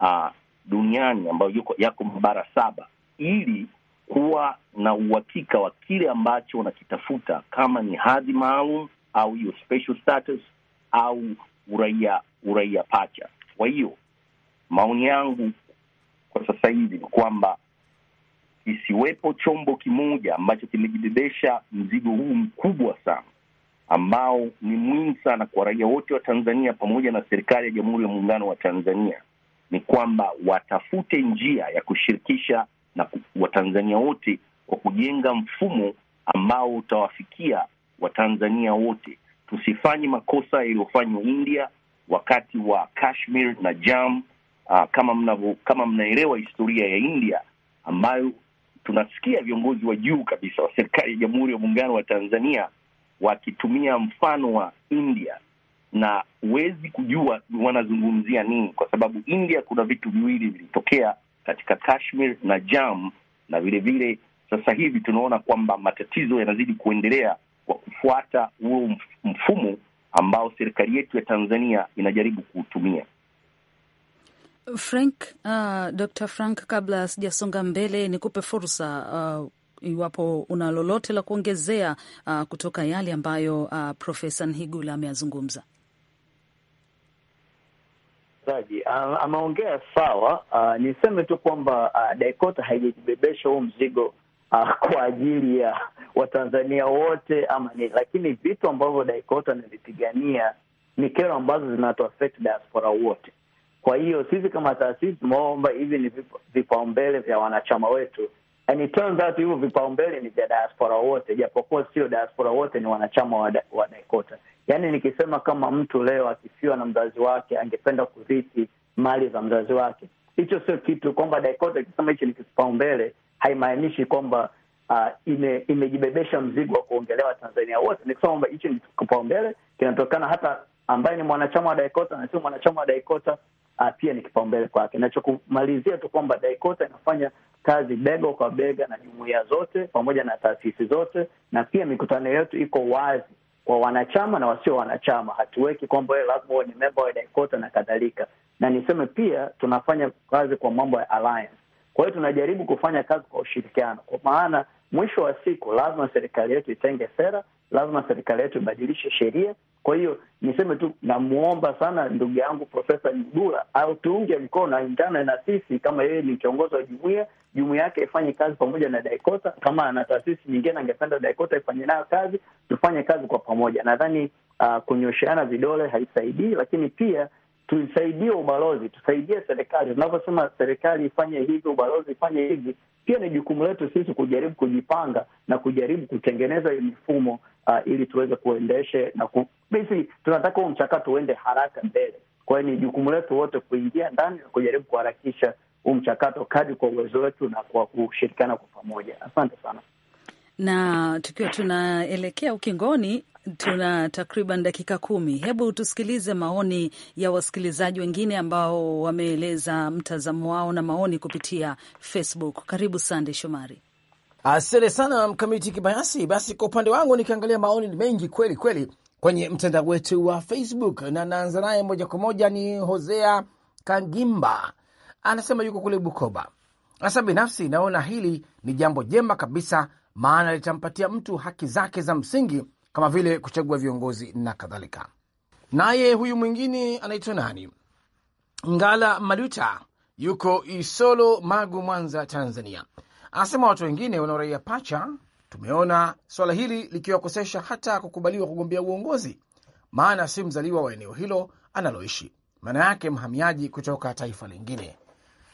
Speaker 5: uh, duniani ambayo yako mabara saba, ili kuwa na uhakika wa kile ambacho unakitafuta, kama ni hadhi maalum au hiyo special status au uraia uraia pacha. Kwa hiyo maoni yangu kwa sasa hivi ni kwamba kisiwepo chombo kimoja ambacho kimejibebesha mzigo huu mkubwa sana ambao ni muhimu sana kwa raia wote wa Tanzania pamoja na serikali ya Jamhuri ya Muungano wa Tanzania, ni kwamba watafute njia ya kushirikisha na Watanzania wote kwa kujenga mfumo ambao utawafikia Watanzania wote. Tusifanye makosa yaliyofanywa India wakati wa Kashmir na Jam. Uh, kama mnavyo, kama mnaelewa historia ya India ambayo tunasikia viongozi wa juu kabisa wa serikali ya Jamhuri ya Muungano wa Tanzania wakitumia mfano wa India na huwezi kujua wanazungumzia nini, kwa sababu India kuna vitu viwili vilitokea katika Kashmir na jam na vilevile sasa hivi tunaona kwamba matatizo yanazidi kuendelea kwa kufuata huo mfumo ambao serikali yetu ya Tanzania inajaribu kuutumia.
Speaker 1: Frank, uh, Dr. Frank, kabla sijasonga mbele nikupe fursa uh, iwapo una lolote la kuongezea uh, kutoka yale ambayo uh, Profesa Nhigula ameyazungumza
Speaker 4: mtangazaji ameongea sawa. Uh, niseme tu kwamba uh, Daikota haijajibebesha huu mzigo uh, kwa ajili ya Watanzania wote ama ni, lakini vitu ambavyo Daikota anavipigania ni kero ambazo zinatuaffect diaspora wote. Kwa hiyo sisi kama taasisi tumeomba hivi ni vipaumbele vya wanachama wetu, and it turns out hivyo vipaumbele ni vya diaspora wote, japokuwa sio diaspora wote ni wanachama wa, wa Daikota. Yaani nikisema kama mtu leo akifiwa na mzazi wake angependa kurithi mali za mzazi wake, hicho sio kitu kwamba DAICOTA ikisema hichi ni kipaumbele, haimaanishi kwamba uh, ime, imejibebesha mzigo wa kuongelewa Tanzania wote. Nikisema kwamba hichi ni kipaumbele kinatokana, hata ambaye ni mwanachama wa DAICOTA na sio mwanachama wa DAICOTA uh, pia ni kipaumbele kwake. Nachokumalizia tu kwamba DAICOTA inafanya kazi bega kwa bega na jumuia zote pamoja na taasisi zote, na pia mikutano yetu iko wazi kwa wanachama na wasio wanachama. Hatuweki kwamba wewe lazima uwe ni memba wa Dakota na kadhalika, na niseme pia tunafanya kazi kwa mambo ya alliance. Kwa hiyo tunajaribu kufanya kazi kwa ushirikiano, kwa maana mwisho wa siku lazima serikali yetu itenge sera, lazima serikali yetu ibadilishe sheria. Kwa hiyo niseme tu, namwomba sana ndugu yangu Profesa Nyigula au tuunge mkono, aingane na sisi kama yeye ni kiongozi wa jumuia jumuiya yake ifanye kazi pamoja na Daikota. Kama ana taasisi nyingine angependa Daikota ifanye nayo kazi, tufanye kazi kwa pamoja. Nadhani uh, kunyosheana vidole haisaidii, lakini pia tuisaidie ubalozi, tusaidie serikali. Tunavyosema serikali ifanye hivi, ubalozi ifanye hivi, pia ni jukumu letu sisi kujaribu kujipanga na kujaribu kutengeneza hii mifumo uh, ili tuweze kuendeshe na ku... basi tunataka huu mchakato uende haraka mbele. Kwa hiyo ni jukumu letu wote kuingia ndani na kujaribu kuharakisha huu mchakato kadri kwa uwezo wetu na kwa kushirikiana kwa pamoja. Asante sana.
Speaker 1: Na tukiwa tunaelekea ukingoni, tuna takriban dakika kumi. Hebu tusikilize maoni ya wasikilizaji wengine ambao wameeleza mtazamo wao na maoni kupitia Facebook. Karibu Sande Shomari.
Speaker 10: Asante sana Mkamiti Kibayasi. Basi kwa upande wangu, nikiangalia maoni ni mengi kweli kweli kwenye mtandao wetu wa Facebook, na naanza naye moja kwa moja ni Hosea Kangimba anasema yuko kule Bukoba. Sasa binafsi naona hili ni jambo jema kabisa, maana litampatia mtu haki zake za msingi kama vile kuchagua viongozi na kadhalika. Naye huyu mwingine anaitwa nani, Ngala Maluta, yuko Isolo, Magu, Mwanza, Tanzania, anasema watu wengine wanaoraia pacha. Tumeona swala hili likiwakosesha hata kukubaliwa kugombea uongozi, maana si mzaliwa wa eneo hilo analoishi, maana yake mhamiaji kutoka taifa lingine.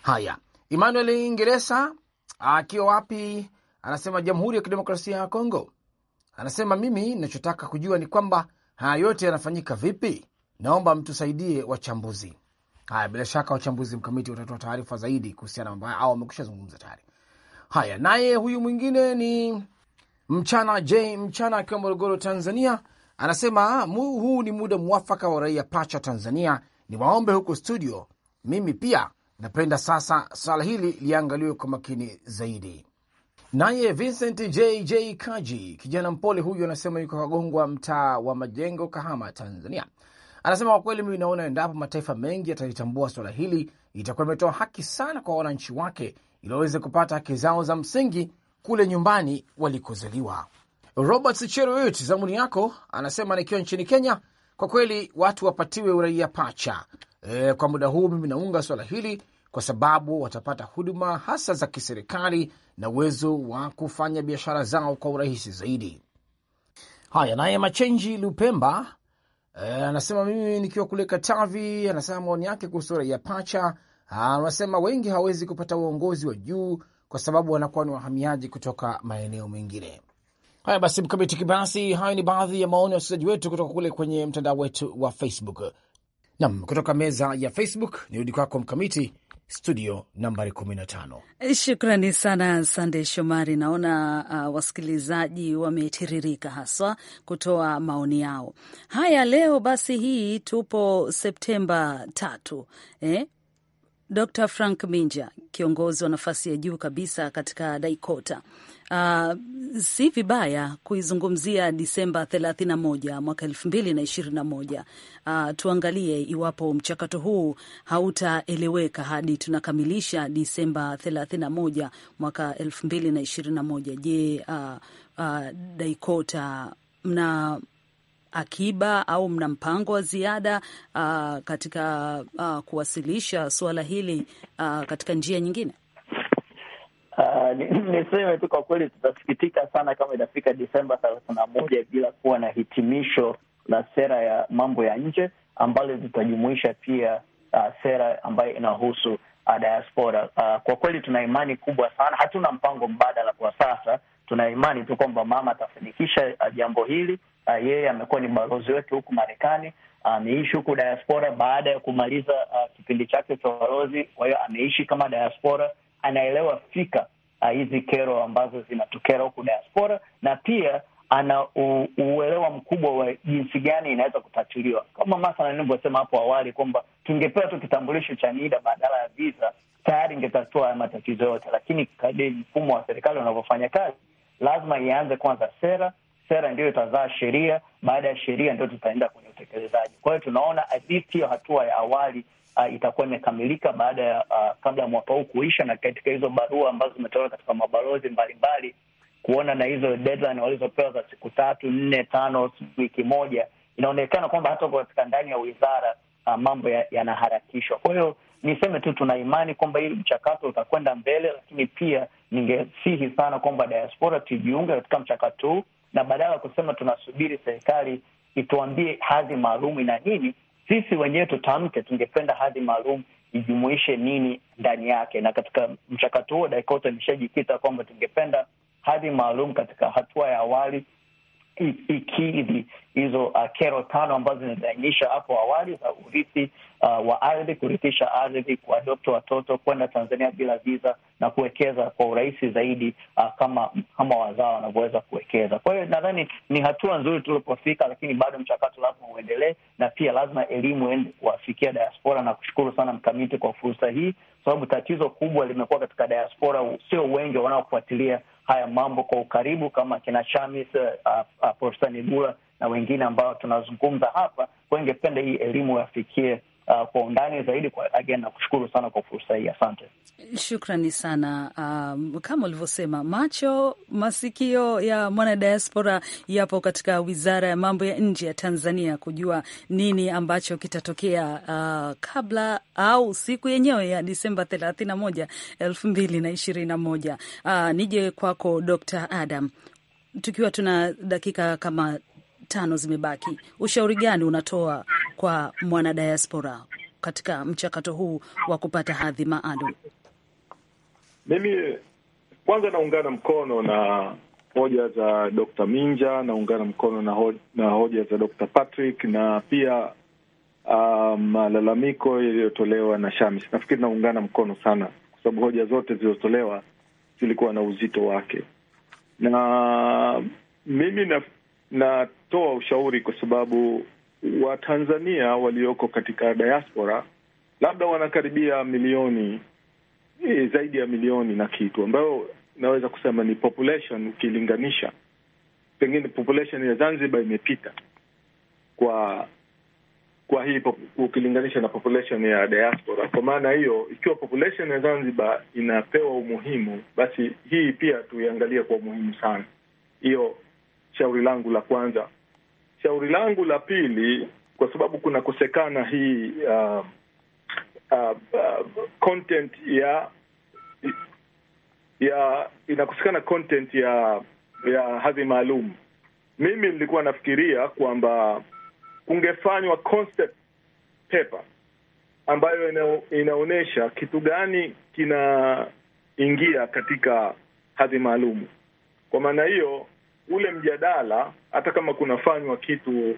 Speaker 10: Haya, Emmanuel Ingereza akiwa wapi? Anasema Jamhuri ya Kidemokrasia ya Kongo. Anasema mimi nachotaka kujua ni kwamba haya yote yanafanyika vipi? Naomba mtusaidie wachambuzi. Haya, bila shaka wachambuzi mkamiti watatoa taarifa zaidi kuhusiana na mambo haya, au wamekusha zungumza tayari. Haya, naye huyu mwingine ni mchana J mchana akiwa Morogoro, Tanzania, anasema huu ni muda mwafaka wa raia pacha Tanzania, ni waombe huko studio, mimi pia Napenda sasa swala hili liangaliwe kwa makini zaidi. Naye Vincent JJ Kaji, kijana mpole huyu, anasema yuko Kagongwa, mtaa wa Majengo, Kahama, Tanzania. Anasema kwa kweli, mimi naona endapo mataifa mengi yatalitambua swala hili itakuwa imetoa haki sana kwa wananchi wake ili waweze kupata haki zao za msingi kule nyumbani walikozaliwa. Robert Cheruiyot, zamuni yako, anasema nikiwa nchini Kenya, kwa kweli watu wapatiwe uraia pacha, e, kwa muda huu mimi naunga swala hili kwa sababu watapata huduma hasa za kiserikali na uwezo wa kufanya biashara zao kwa urahisi zaidi. Haya, naye Machenji Lupemba e, anasema e, mimi nikiwa kule Katavi, anasema maoni yake kuhusu raia pacha. Anasema wengi hawawezi kupata uongozi wa juu kwa sababu wanakuwa ni wahamiaji kutoka maeneo mengine. Haya basi, Mkamiti Kibasi, hayo ni baadhi ya maoni ya wasikilizaji wetu kutoka kule kwenye mtandao wetu wa Facebook. Nam, kutoka meza ya Facebook nirudi kwako Mkamiti studio nambari 15.
Speaker 1: Shukrani sana Sande Shomari. Naona uh, wasikilizaji wametiririka haswa kutoa maoni yao. Haya, leo basi, hii tupo Septemba tatu, eh? Dr Frank Minja, kiongozi wa nafasi ya juu kabisa katika Daikota uh, si vibaya kuizungumzia Disemba 31 mwaka 2021. Uh, tuangalie iwapo mchakato huu hautaeleweka hadi tunakamilisha Disemba 31 mwaka 2021. Je, uh, uh, Daikota mna akiba au mna mpango wa ziada uh, katika uh, kuwasilisha suala hili uh, katika njia nyingine?
Speaker 4: Ah, *laughs* niseme tu kwa kweli tutasikitika sana kama itafika Disemba thelathini na moja bila kuwa na hitimisho la sera ya mambo ya nje ambalo litajumuisha pia uh, sera ambayo inahusu uh, diaspora. Uh, kwa kweli tuna imani kubwa sana, hatuna mpango mbadala kwa sasa. Tuna imani tu kwamba mama atafanikisha uh, jambo hili. Uh, yeye amekuwa ni balozi wetu huku Marekani, ameishi uh, huku diaspora baada ya kumaliza uh, kipindi chake cha ubalozi. Kwa hiyo ameishi kama diaspora anaelewa fika ah, hizi uh, kero ambazo zinatokea huku diaspora na pia ana uelewa mkubwa wa jinsi gani inaweza kutatuliwa, kama mathalan nilivyosema hapo awali kwamba tungepewa tu kitambulisho cha NIDA badala ya visa, tayari ingetatua haya matatizo yote. Lakini kadi mfumo wa serikali unavyofanya kazi, lazima ianze kwanza sera, sera ndiyo itazaa sheria, baada ya sheria ndio tutaenda kwenye utekelezaji. Kwa hiyo tunaona at least hiyo hatua ya awali uh, itakuwa imekamilika baada ya uh, kabla ya mwaka huu kuisha, na katika hizo barua ambazo zimetolewa katika mabalozi mbalimbali, kuona na hizo deadline walizopewa za siku tatu, nne, tano, wiki moja, inaonekana kwamba hata katika ndani ya wizara uh, mambo yanaharakishwa ya kwa hiyo niseme tu tuna imani kwamba hili mchakato utakwenda mbele, lakini pia ningesihi sana kwamba diaspora tujiunge katika mchakato huu, na badala ya kusema tunasubiri serikali ituambie hadhi maalum ina nini, sisi wenyewe tutamke, tungependa hadhi maalum ijumuishe nini ndani yake, na katika mchakato huo daikota imeshajikita kwamba tungependa hadhi maalum katika hatua ya awali ikidhi hizo uh, kero tano ambazo zinaainisha hapo awali za urithi uh, wa ardhi, kurithisha ardhi, kuadopta watoto, kwenda Tanzania bila viza na kuwekeza kwa urahisi zaidi uh, kama kama wazao wanavyoweza kuwekeza. Kwa hiyo nadhani ni hatua nzuri tulipofika, lakini bado mchakato lazima uendelee, na pia lazima elimu ende kuwafikia diaspora, na kushukuru sana Mkamiti kwa fursa hii, sababu tatizo kubwa limekuwa katika diaspora, sio wengi wanaofuatilia haya mambo kwa ukaribu kama kina Chamis, eh, ah, ah, Profesa Nigula na wengine ambao tunazungumza hapa, kwa ingependa hii elimu yafikie uh, kwa undani zaidi. Kwa again, nakushukuru sana kwa fursa hii, asante.
Speaker 1: Shukrani sana. Um, kama ulivyosema, macho masikio ya mwana diaspora yapo katika Wizara ya Mambo ya Nje ya Tanzania kujua nini ambacho kitatokea uh, kabla au siku yenyewe ya Disemba thelathini elfu mbili na ishirini na moja. Uh, nije kwako Dr. Adam tukiwa tuna dakika kama tano zimebaki, ushauri gani unatoa kwa mwanadiaspora katika mchakato huu wa kupata hadhi maalum?
Speaker 7: Mimi kwanza naungana mkono na hoja za Dr. Minja, naungana mkono na, ho na hoja za Dr. Patrick na pia ah, malalamiko um, yaliyotolewa na Shamis. Nafikiri naungana mkono sana kwa sababu hoja zote zilizotolewa zilikuwa na uzito wake, na mimi na, na kutoa ushauri, kwa sababu Watanzania walioko katika diaspora labda wanakaribia milioni e, zaidi ya milioni na kitu, ambayo naweza kusema ni population ukilinganisha, pengine population ya Zanzibar imepita kwa kwa hii ukilinganisha na population ya diaspora. Kwa maana hiyo, ikiwa population ya Zanzibar inapewa umuhimu, basi hii pia tuiangalie kwa umuhimu sana. Hiyo shauri langu la kwanza Shauri langu la pili, kwa sababu kunakosekana hii uh, uh, uh, content ya ya inakosekana content ya ya hadhi maalum. Mimi nilikuwa nafikiria kwamba kungefanywa concept paper ambayo ina, inaonyesha kitu gani kinaingia katika hadhi maalum. Kwa maana hiyo ule mjadala, hata kama kunafanywa kitu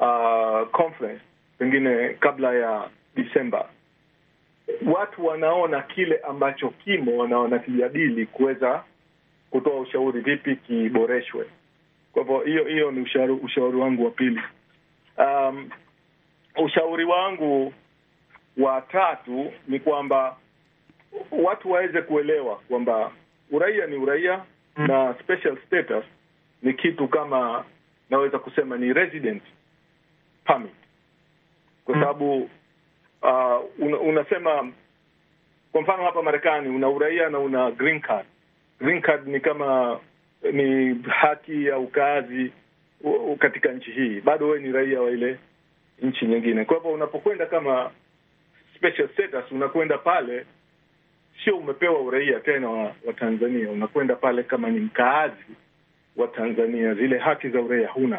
Speaker 7: uh, conference pengine kabla ya Disemba, watu wanaona kile ambacho kimo na wanakijadili kuweza kutoa ushauri vipi kiboreshwe. Kwa hivyo hiyo hiyo ni ushauri, ushauri wangu wa pili. Um, ushauri wangu wa tatu ni kwamba watu waweze kuelewa kwamba uraia ni uraia na special status ni kitu kama naweza kusema ni resident permit, kwa hmm. sababu uh, una, unasema kwa mfano hapa Marekani una uraia na una green card. Green card ni kama ni haki ya ukaazi katika nchi hii, bado wewe ni raia wa ile nchi nyingine. Kwa hivyo unapokwenda kama special status, unakwenda pale sio umepewa uraia tena wa, wa Tanzania, unakwenda pale kama ni mkaazi wa Tanzania, zile haki za uraia huna,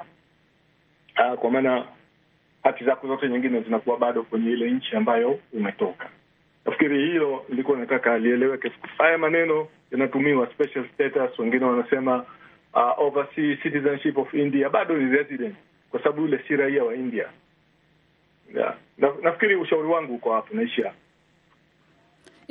Speaker 7: ah, kwa maana haki zako zote nyingine zinakuwa bado kwenye ile nchi ambayo umetoka. Nafikiri hilo ilikuwa nataka alieleweke. Haya maneno yanatumiwa special status, wengine wanasema uh, overseas citizenship of India, bado ni resident kwa sababu yule si raia wa India. Yeah. Na, nafikiri ushauri wangu uko hapo naishia.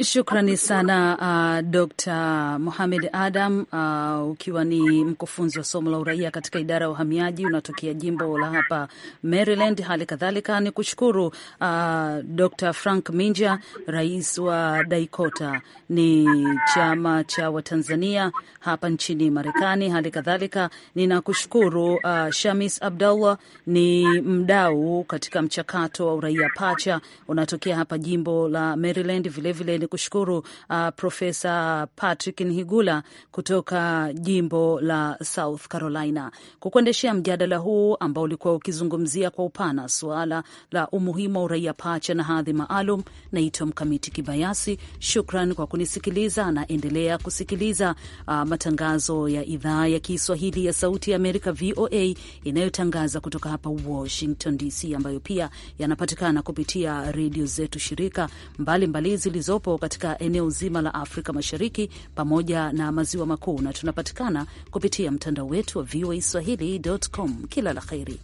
Speaker 1: Shukrani sana uh, Dr. Mohamed Adam uh, ukiwa ni mkufunzi wa somo la uraia katika idara ya uhamiaji unatokea jimbo la hapa Maryland. Hali kadhalika ni kushukuru uh, Dr. Frank Minja, rais wa Daikota, ni chama cha Watanzania hapa nchini Marekani. Hali kadhalika ninakushukuru uh, Shamis Abdallah, ni mdau katika mchakato wa uraia pacha, unatokea hapa jimbo la Maryland vilevile kushukuru uh, Profesa Patrick Nhigula kutoka jimbo la South Carolina kwa kuendeshea mjadala huu ambao ulikuwa ukizungumzia kwa upana suala la umuhimu wa uraia pacha na hadhi maalum. Naitwa Mkamiti Kibayasi, shukran kwa kunisikiliza na endelea kusikiliza uh, matangazo ya idhaa ya Kiswahili ya Sauti ya Amerika, VOA, inayotangaza kutoka hapa Washington DC, ambayo pia yanapatikana kupitia redio zetu shirika mbalimbali zilizopo katika eneo zima la Afrika Mashariki pamoja na maziwa makuu, na tunapatikana kupitia mtandao wetu wa VOA Swahili.com. Kila la heri.